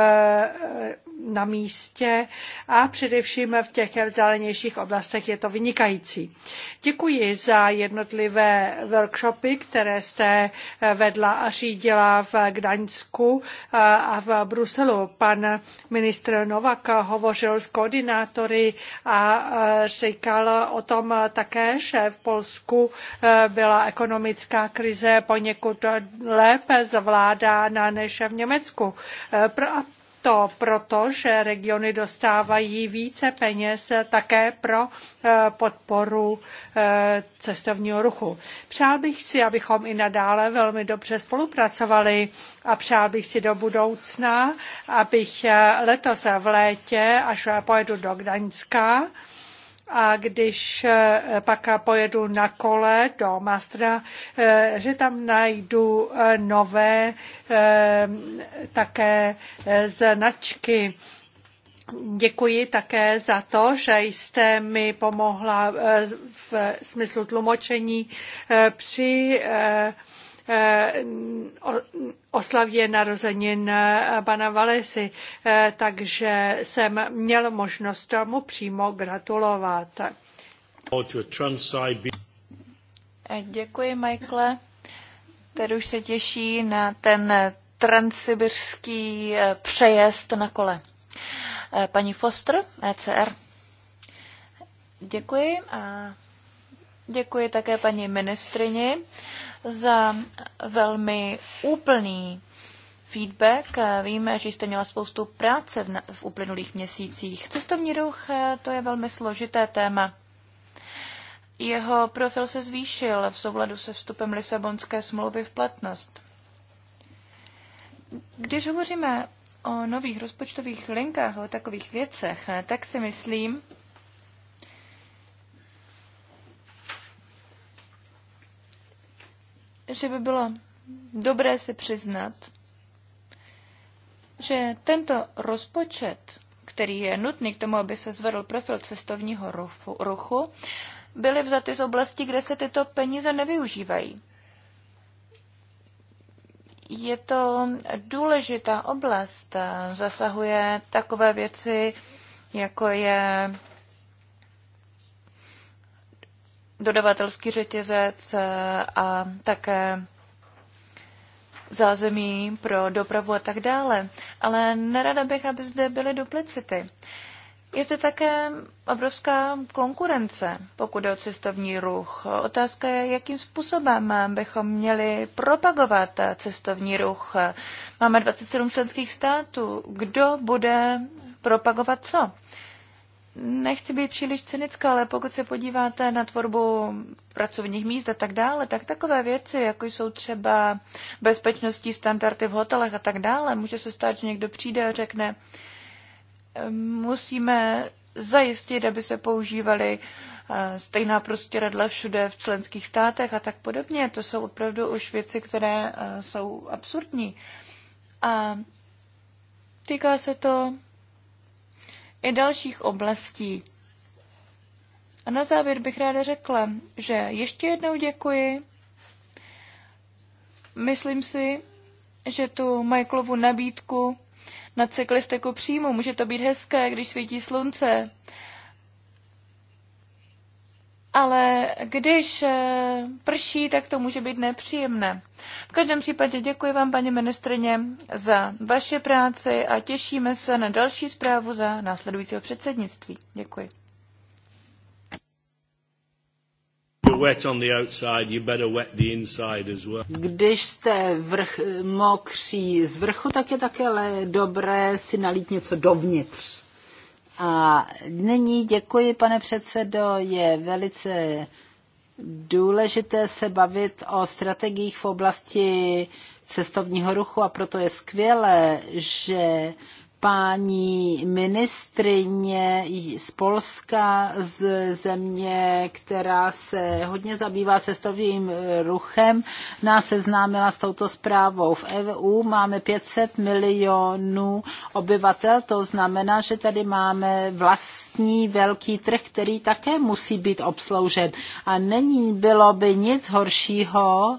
na místě a především v těch vzdálenějších oblastech je to vynikající. Děkuji za jednotlivé workshopy, které jste eh, vedla a řídila v Gdaňsku eh, a v Bruselu. Pan ministr Novak hovořil s koordinátory a eh, říkal o tom také, že v Polsku byla ekonomická krize poněkud lépe zvládána než v Německu. Pro to proto, že regiony dostávají více peněz také pro eh, podporu eh, cestovního ruchu. Přál bych si, abychom i nadále velmi dobře spolupracovali a přál bych si do budoucna, abych eh, letos v létě, až pojedu do Gdaňska, a když eh, pak pojedu na kole do Mastra, eh, že tam najdu eh, nové také značky. Děkuji také za to, že jste mi pomohla v smyslu tlumočení při Eh, oslavě narozenin eh, pana Valesy, eh, takže jsem měl možnost mu přímo gratulovat. Děkuji, Michaele. Teď už se těší na ten transsibirský přejezd na kole. Paní Foster, ECR. Děkuji a děkuji také paní ministrini za velmi úplný feedback. Víme, že jste měla spoustu práce v, v uplynulých měsících. Cestovní ruch, eh, to je velmi složité téma. Jeho profil se zvýšil v souladu se vstupem Lisabonské smlouvy v platnost. Když hovoříme o nových rozpočtových linkách, o takových věcech, eh, tak si myslím, že by bylo dobré si přiznat, že tento rozpočet, který je nutný k tomu, aby se zvedl profil cestovního ruchu, byly vzaty z oblasti, kde se tyto peníze nevyužívají. Je to důležitá oblast, zasahuje takové věci, jako je dodavatelský řetězec eh, a také zázemí pro dopravu a tak dále. Ale nerada bych, aby zde byly duplicity. Je zde také obrovská konkurence, pokud jde o cestovní ruch. Otázka je, jakým způsobem bychom měli propagovat cestovní ruch. Máme 27 členských států. Kdo bude propagovat co? nechci být příliš cynická, ale pokud se podíváte na tvorbu pracovních míst a tak dále, tak takové věci, jako jsou třeba bezpečnostní standardy v hotelech a tak dále, může se stát, že někdo přijde a řekne, musíme zajistit, aby se používaly eh, stejná radla všude v členských státech a tak podobně. To jsou opravdu už věci, které eh, jsou absurdní. A týká se to i dalších oblastí. A na závěr bych ráda řekla, že ještě jednou děkuji. Myslím si, že tu Michaelovu nabídku na cyklistiku přímo. Může to být hezké, když svítí slunce ale když eh, prší, tak to může být nepříjemné. V každém případě děkuji vám, paní ministrině, za vaše práci a těšíme se na další zprávu za následujícího předsednictví. Děkuji. Když jste vrch, mokří z vrchu, tak je také dobré si nalít něco dovnitř. A nyní děkuji, pane předsedo, je velice důležité se bavit o strategiích v oblasti cestovního ruchu a proto je skvělé, že paní ministrině z Polska, z země, která se hodně zabývá cestovním ruchem, nás seznámila s touto zprávou. V EU máme 500 milionů obyvatel, to znamená, že tady máme vlastní velký trh, který také musí být obsloužen. A není bylo by nic horšího,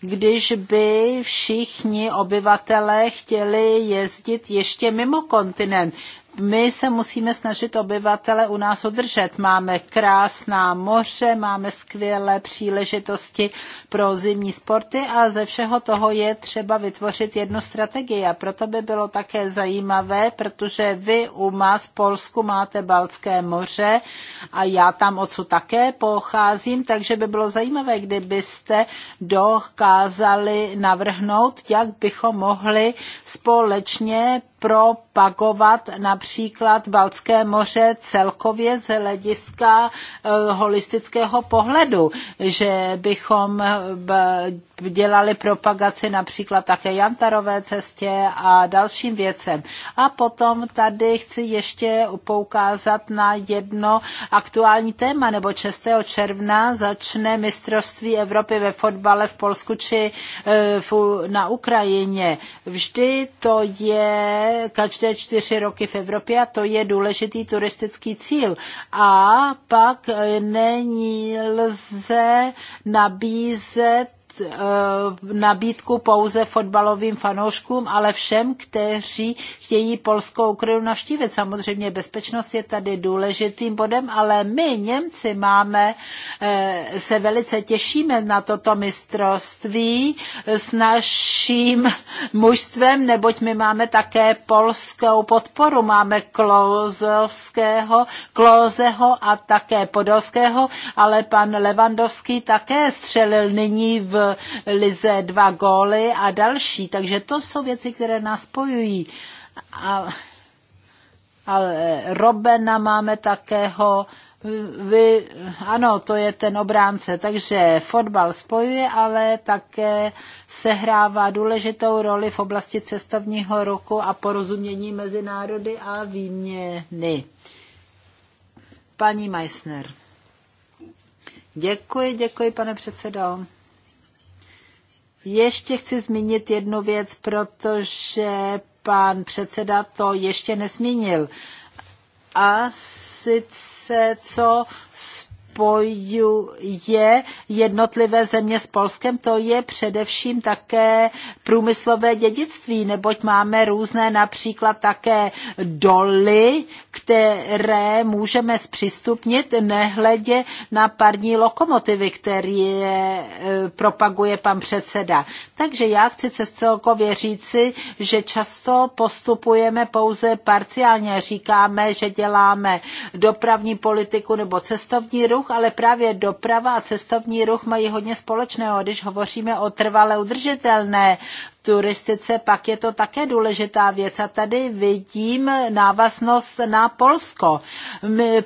když by všichni obyvatelé chtěli jezdit ještě mimo kontinent my se musíme snažit obyvatele u nás udržet. Máme krásná moře, máme skvělé příležitosti pro zimní sporty a ze všeho toho je třeba vytvořit jednu strategii. A proto by bylo také zajímavé, protože vy u nás v Polsku máte Balské moře a já tam odsud také pocházím, takže by bylo zajímavé, kdybyste dokázali navrhnout, jak bychom mohli společně propagovat například Baltské moře celkově z hlediska eh, holistického pohledu, že bychom eh, dělali propagaci například také Jantarové cestě a dalším věcem. A potom tady chci ještě poukázat na jedno aktuální téma, nebo 6. června začne mistrovství Evropy ve fotbale v Polsku či e, na Ukrajině. Vždy to je každé čtyři roky v Evropě a to je důležitý turistický cíl. A pak e, není lze nabízet Eh, nabídku pouze fotbalovým fanouškům, ale všem, kteří chtějí Polskou Ukrajinu navštívit. Samozřejmě bezpečnost je tady důležitým bodem, ale my Němci máme, eh, se velice těšíme na toto mistrovství s naším (laughs) mužstvem, neboť my máme také polskou podporu. Máme Klozovského, Klozeho a také Podolského, ale pan Levandovský také střelil nyní v Lize dva góly a další. Takže to jsou věci, které nás spojují. A, a Robena máme takého, vy, ano, to je ten obránce, takže fotbal spojuje, ale také sehrává důležitou roli v oblasti cestovního ruku a porozumění mezi národy a výměny. Paní Meissner. Děkuji, děkuji, pane předsedo. Ještě chci zmínit jednu věc, protože pan předseda to ještě nesmínil. A sice co s spojuje jednotlivé země s Polskem, to je především také průmyslové dědictví, neboť máme různé například také doly, které můžeme zpřístupnit nehledě na parní lokomotivy, které e, propaguje pan předseda. Takže já chci celkově říci, že často postupujeme pouze parciálně. Říkáme, že děláme dopravní politiku nebo cestovní ruch, ruch, ale právě doprava a cestovní ruch mají hodně společného. Když hovoříme o trvale udržitelné turistice, pak je to také důležitá věc. A tady vidím návaznost na Polsko.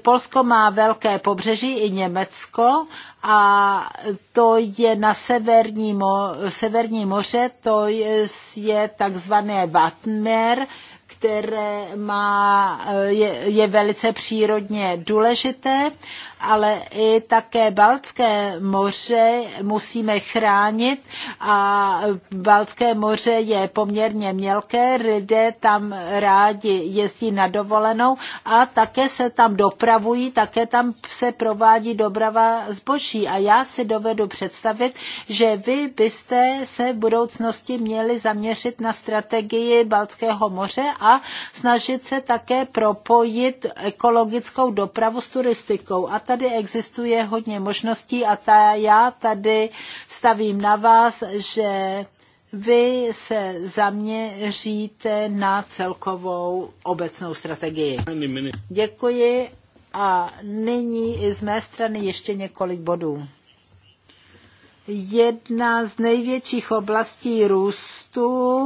Polsko má velké pobřeží i Německo a to je na severní, mo, severní moře, to je, je takzvané Vatmer, které má, je, je velice přírodně důležité ale i také Baltské moře musíme chránit a Baltské moře je poměrně mělké, lidé tam rádi jezdí na dovolenou a také se tam dopravují, také tam se provádí doprava zboží a já si dovedu představit, že vy byste se v budoucnosti měli zaměřit na strategii Baltského moře a snažit se také propojit ekologickou dopravu s turistikou a tak tady existuje hodně možností a ta, já tady stavím na vás, že vy se zaměříte na celkovou obecnou strategii. Děkuji a nyní i z mé strany ještě několik bodů. Jedna z největších oblastí růstu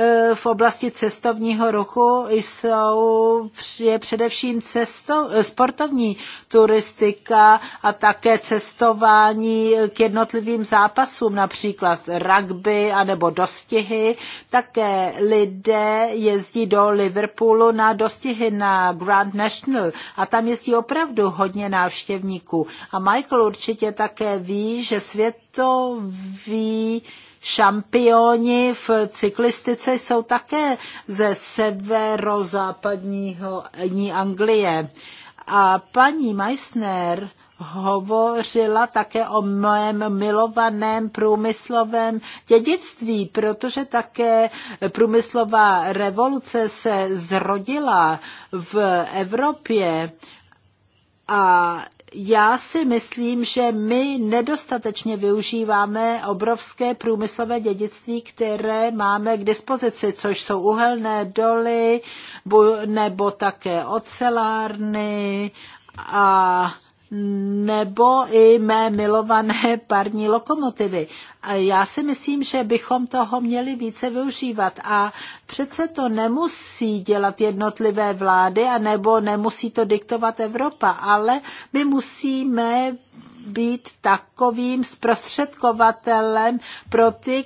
Eh, v oblasti cestovního ruchu jsou, je především cesto, eh, sportovní turistika a také cestování eh, k jednotlivým zápasům, například rugby anebo dostihy. Také lidé jezdí do Liverpoolu na dostihy na Grand National a tam jezdí opravdu hodně návštěvníků. A Michael určitě také ví, že světový šampioni v cyklistice jsou také ze severozápadního Anglie. A paní Meissner hovořila také o mém milovaném průmyslovém dědictví, protože také průmyslová revoluce se zrodila v Evropě a já si myslím, že my nedostatečně využíváme obrovské průmyslové dědictví, které máme k dispozici, což jsou uhelné doly nebo také ocelárny a nebo i mé milované parní lokomotivy. Já si myslím, že bychom toho měli více využívat a přece to nemusí dělat jednotlivé vlády a nebo nemusí to diktovat Evropa, ale my musíme být takovým zprostředkovatelem pro ty,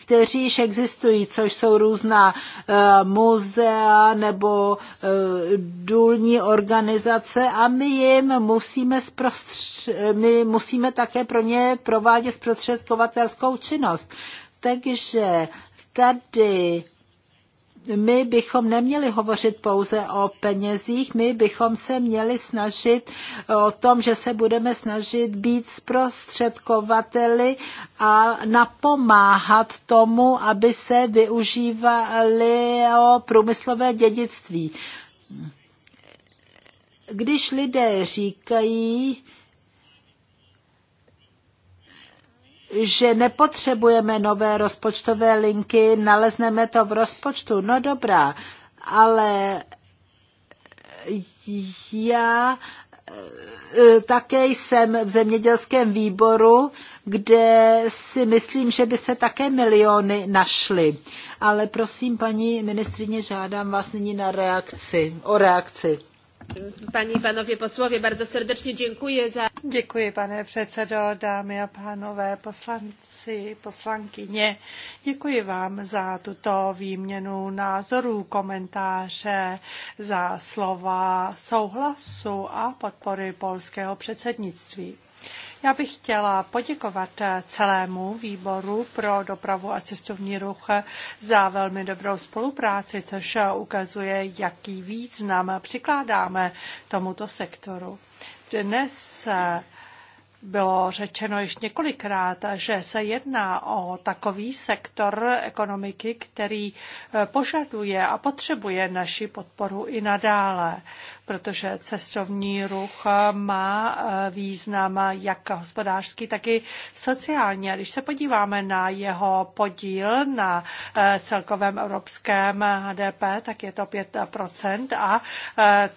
kteří již existují, což jsou různá eh, muzea nebo eh, důlní organizace a my jim musíme, my musíme také pro ně provádět zprostředkovatelskou činnost. Takže tady my bychom neměli hovořit pouze o penězích, my bychom se měli snažit o tom, že se budeme snažit být zprostředkovateli a napomáhat tomu, aby se využívaly průmyslové dědictví. Když lidé říkají, že nepotřebujeme nové rozpočtové linky, nalezneme to v rozpočtu. No dobrá, ale já e, také jsem v zemědělském výboru, kde si myslím, že by se také miliony našly. Ale prosím, paní ministrině, žádám vás nyní na reakci, o reakci. Paní, panowie posłowie, bardzo serdecznie dziękuję za... Děkuji, pane předsedo, dámy a pánové, poslanci, poslankyně. Děkuji vám za tuto výměnu názorů, komentáře, za slova souhlasu a podpory polského předsednictví. Já bych chtěla poděkovat eh, celému výboru pro dopravu a cestovní ruch eh, za velmi dobrou spolupráci, což eh, ukazuje, jaký význam přikládáme tomuto sektoru. Dnes bylo řečeno již několikrát, že se jedná o takový sektor ekonomiky, který e, požaduje a potřebuje naši podporu i nadále, protože cestovní ruch e, má e, význam jak hospodářský, tak i sociální. A když se podíváme na jeho podíl na celkovém evropském HDP, tak je to 5 a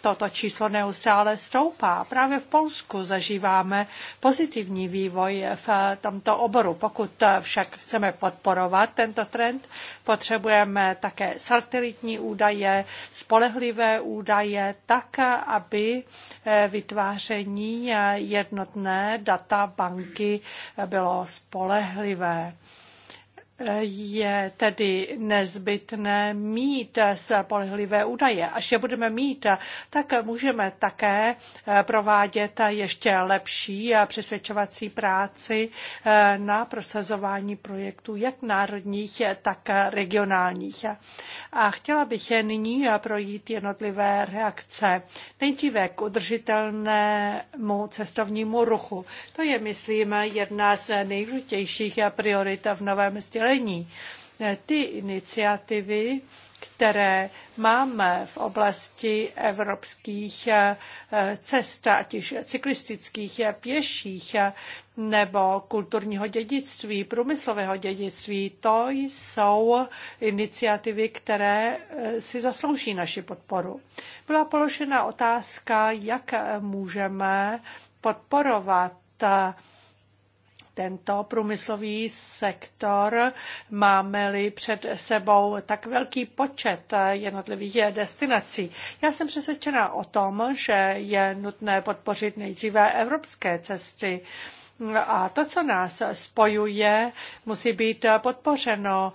toto číslo neustále stoupá. Právě v Polsku zažíváme pozitivní vývoj v tomto oboru. Pokud však chceme podporovat tento trend, potřebujeme také satelitní údaje, spolehlivé údaje, tak, aby eh, vytváření jednotné databanky bylo spolehlivé je tedy nezbytné mít spolehlivé údaje. Až je budeme mít, tak můžeme také eh, provádět ještě lepší eh, přesvědčovací práci eh, na prosazování projektů jak národních, tak regionálních. A chtěla bych je nyní projít jednotlivé reakce. Nejdříve k udržitelnému cestovnímu ruchu. To je, myslím, jedna z nejdůležitějších priorit v novém stylu sdílení. Eh, ty iniciativy, které máme v oblasti evropských eh, cest, ať už cyklistických, eh, pěších nebo kulturního dědictví, průmyslového dědictví, to jsou iniciativy, které si zaslouží naši podporu. Byla položena otázka, jak můžeme podporovat tento průmyslový sektor, máme-li před sebou tak velký počet jednotlivých destinací. Já jsem přesvědčena o tom, že je nutné podpořit nejdříve evropské cesty. A to, co nás spojuje, musí být podpořeno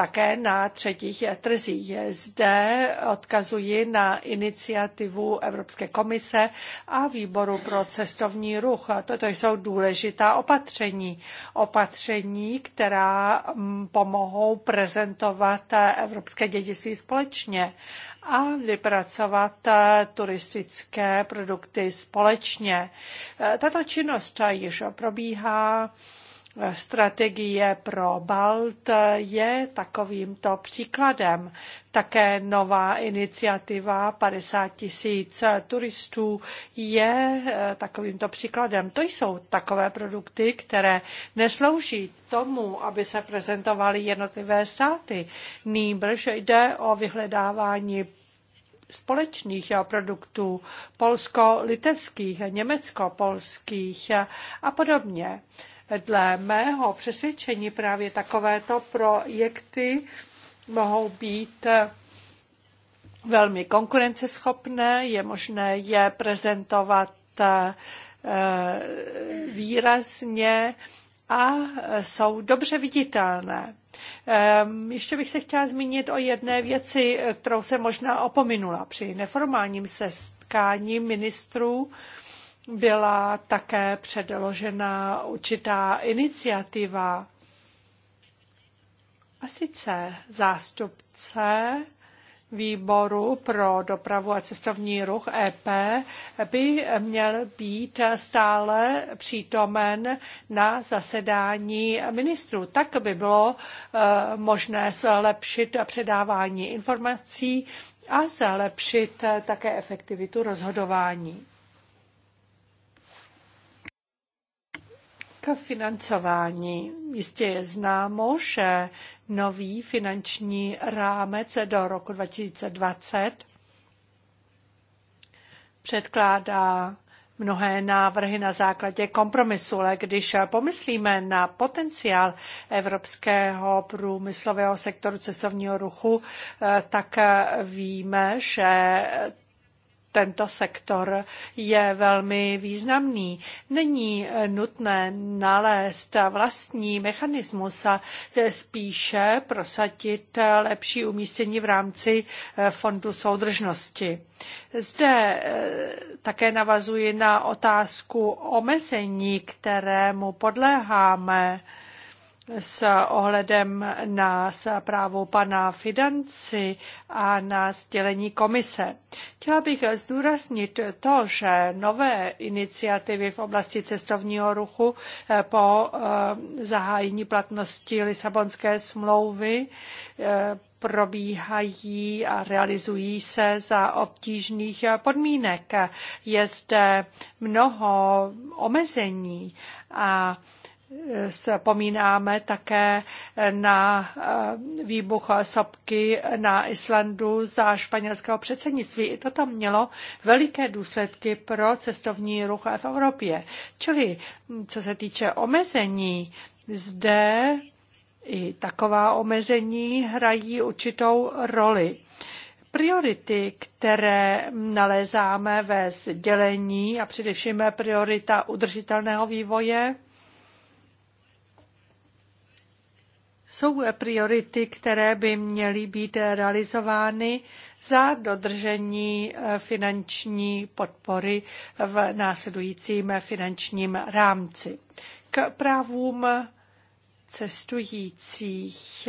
také na třetích trzích. Zde odkazuji na iniciativu Evropské komise a výboru pro cestovní ruch. Toto jsou důležitá opatření. Opatření, která mm, pomohou prezentovat evropské dědictví společně a vypracovat turistické produkty společně. Tato činnost již probíhá Strategie pro Balt je takovýmto příkladem. Také nová iniciativa 50 tisíc turistů je eh, takovýmto příkladem. To jsou takové produkty, které neslouží tomu, aby se prezentovaly jednotlivé státy. Nýbrž jde o vyhledávání společných produktů polsko-litevských, německo-polských a podobně. Dle mého přesvědčení právě takovéto projekty mohou být velmi konkurenceschopné, je možné je prezentovat eh, výrazně a jsou dobře viditelné. Ehm, ještě bych se chtěla zmínit o jedné věci, kterou se možná opominula při neformálním setkání ministrů byla také předložena určitá iniciativa. A sice zástupce výboru pro dopravu a cestovní ruch EP by měl být stále přítomen na zasedání ministrů. Tak by bylo eh, možné zlepšit předávání informací a zlepšit také efektivitu rozhodování. K financování. Jistě je známo, že nový finanční rámec do roku 2020 předkládá mnohé návrhy na základě kompromisu, ale když pomyslíme na potenciál evropského průmyslového sektoru cestovního ruchu, eh, tak víme, že tento sektor je velmi významný. Není eh, nutné nalézt vlastní mechanismus a eh, spíše prosadit eh, lepší umístění v rámci fondu soudržnosti. Zde také navazuji na otázku omezení, kterému podléháme s ohledem na zprávu pana Financi a na sdělení komise. Chtěla bych zdůraznit to, že nové iniciativy v oblasti cestovního ruchu eh, po eh, zahájení platnosti Lisabonské smlouvy eh, probíhají a realizují se za obtížných podmínek. Je zde mnoho omezení a Vzpomínáme také na eh, výbuch sopky na Islandu za španělského předsednictví. I to tam mělo veliké důsledky pro cestovní ruch v Evropě. Čili co se týče omezení, zde i taková omezení hrají určitou roli. Priority, které nalézáme ve sdělení a především priorita udržitelného vývoje, Jsou priority, které by měly být realizovány za dodržení eh, finanční podpory v následujícím finančním rámci. K právům cestujících.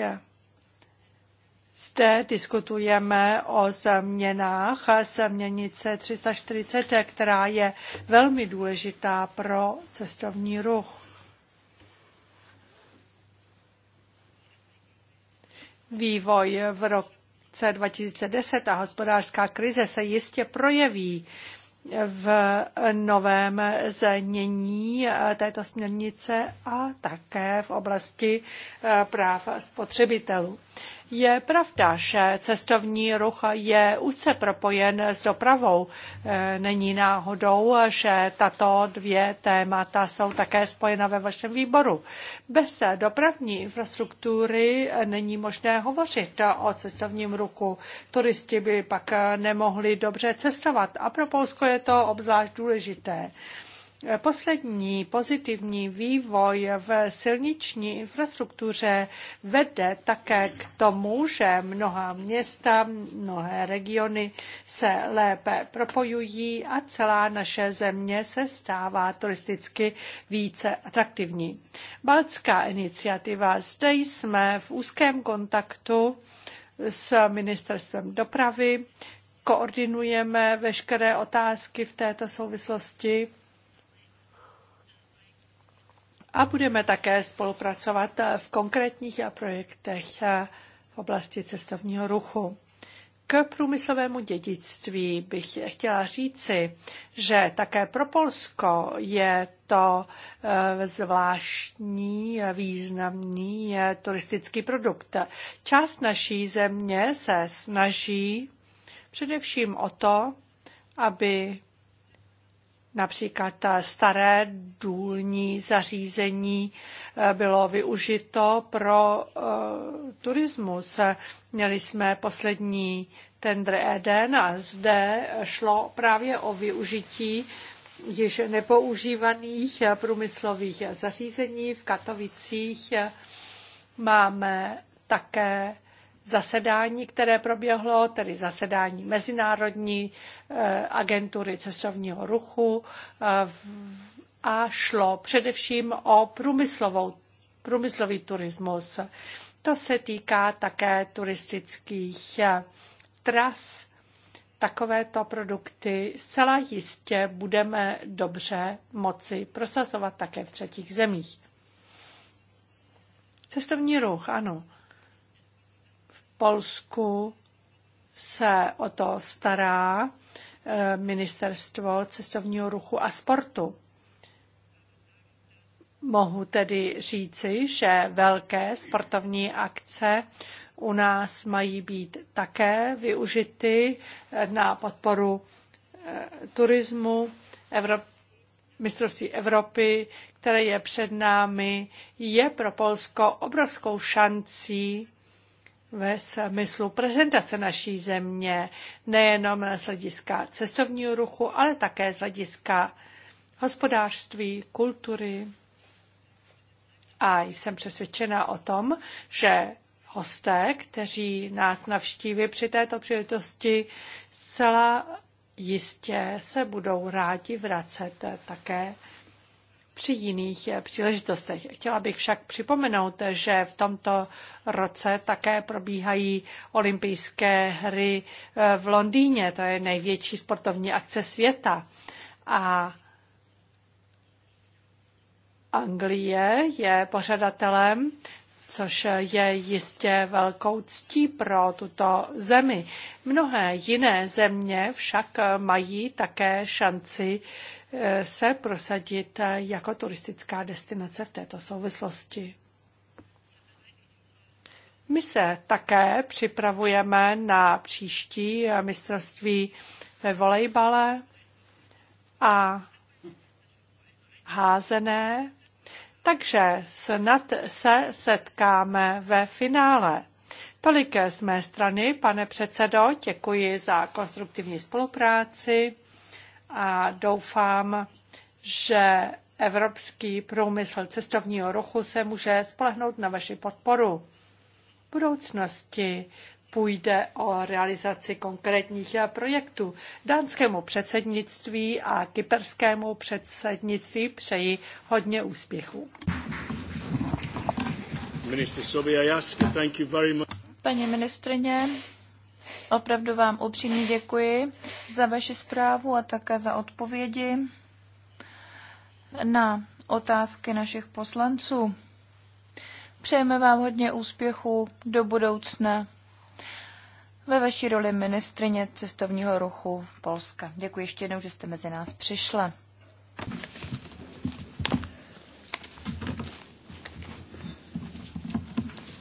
Zde diskutujeme o změnách směrnice 340, která je velmi důležitá pro cestovní ruch. Vývoj v roce 2010 a hospodářská krize se jistě projeví v novém znění této směrnice a také v oblasti eh, práv spotřebitelů. Je pravda, že cestovní ruch je úzce propojen s dopravou. E, není náhodou, že tato dvě témata jsou také spojena ve vašem výboru. Bez dopravní infrastruktury není možné hovořit o cestovním ruchu. Turisti by pak nemohli dobře cestovat a pro Polsko je to obzvlášť důležité. Poslední pozitivní vývoj v silniční infrastruktuře vede také k tomu, že mnoha města, mnohé regiony se lépe propojují a celá naše země se stává turisticky více atraktivní. Baltská iniciativa. Zde jsme v úzkém kontaktu s ministerstvem dopravy, koordinujeme veškeré otázky v této souvislosti a budeme také spolupracovat eh, v konkrétních eh, projektech eh, v oblasti cestovního ruchu. K průmyslovému dědictví bych chtěla říci, že také pro Polsko je to zvláštní významný turistický produkt. Část naší země se snaží především o to, aby Například staré důlní zařízení eh, bylo využito pro eh, turismus. Měli jsme poslední tender Eden a zde šlo právě o využití již nepoužívaných eh, průmyslových zařízení. V Katovicích máme také zasedání, které proběhlo, tedy zasedání Mezinárodní eh, agentury cestovního ruchu eh, a šlo především o průmyslovou, průmyslový turismus. To se týká také turistických eh, tras. Takovéto produkty zcela jistě budeme dobře moci prosazovat také v třetích zemích. Cestovní ruch, ano. Polsku se o to stará eh, ministerstvo cestovního ruchu a sportu. Mohu tedy říci, že velké sportovní akce u nás mají být také využity eh, na podporu eh, turismu, Evrop, mistrovství Evropy, které je před námi, je pro Polsko obrovskou šancí ve smyslu prezentace naší země, nejenom z hlediska cestovního ruchu, ale také z hlediska hospodářství, kultury. A jsem přesvědčena o tom, že hosté, kteří nás navštíví při této příležitosti, zcela jistě se budou rádi vracet také při jiných eh, příležitostech. Chtěla bych však připomenout, že v tomto roce také probíhají olympijské hry eh, v Londýně. To je největší sportovní akce světa. A Anglie je pořadatelem což je jistě velkou ctí pro tuto zemi. Mnohé jiné země však mají také šanci eh, se prosadit eh, jako turistická destinace v této souvislosti. My se také připravujeme na příští eh, mistrovství ve volejbale a házené takže snad se setkáme ve finále. Tolik z mé strany, pane předsedo, děkuji za konstruktivní spolupráci a doufám, že evropský průmysl cestovního ruchu se může spolehnout na vaši podporu. V budoucnosti půjde o realizaci konkrétních eh, projektů. Dánskému předsednictví a kyperskému předsednictví přeji hodně úspěchů. Paní ministrině, opravdu vám upřímně děkuji za vaši zprávu a také za odpovědi na otázky našich poslanců. Přejeme vám hodně úspěchů do budoucna ve vaší roli ministrině cestovního ruchu v Polska. Děkuji ještě jednou, že jste mezi nás přišla.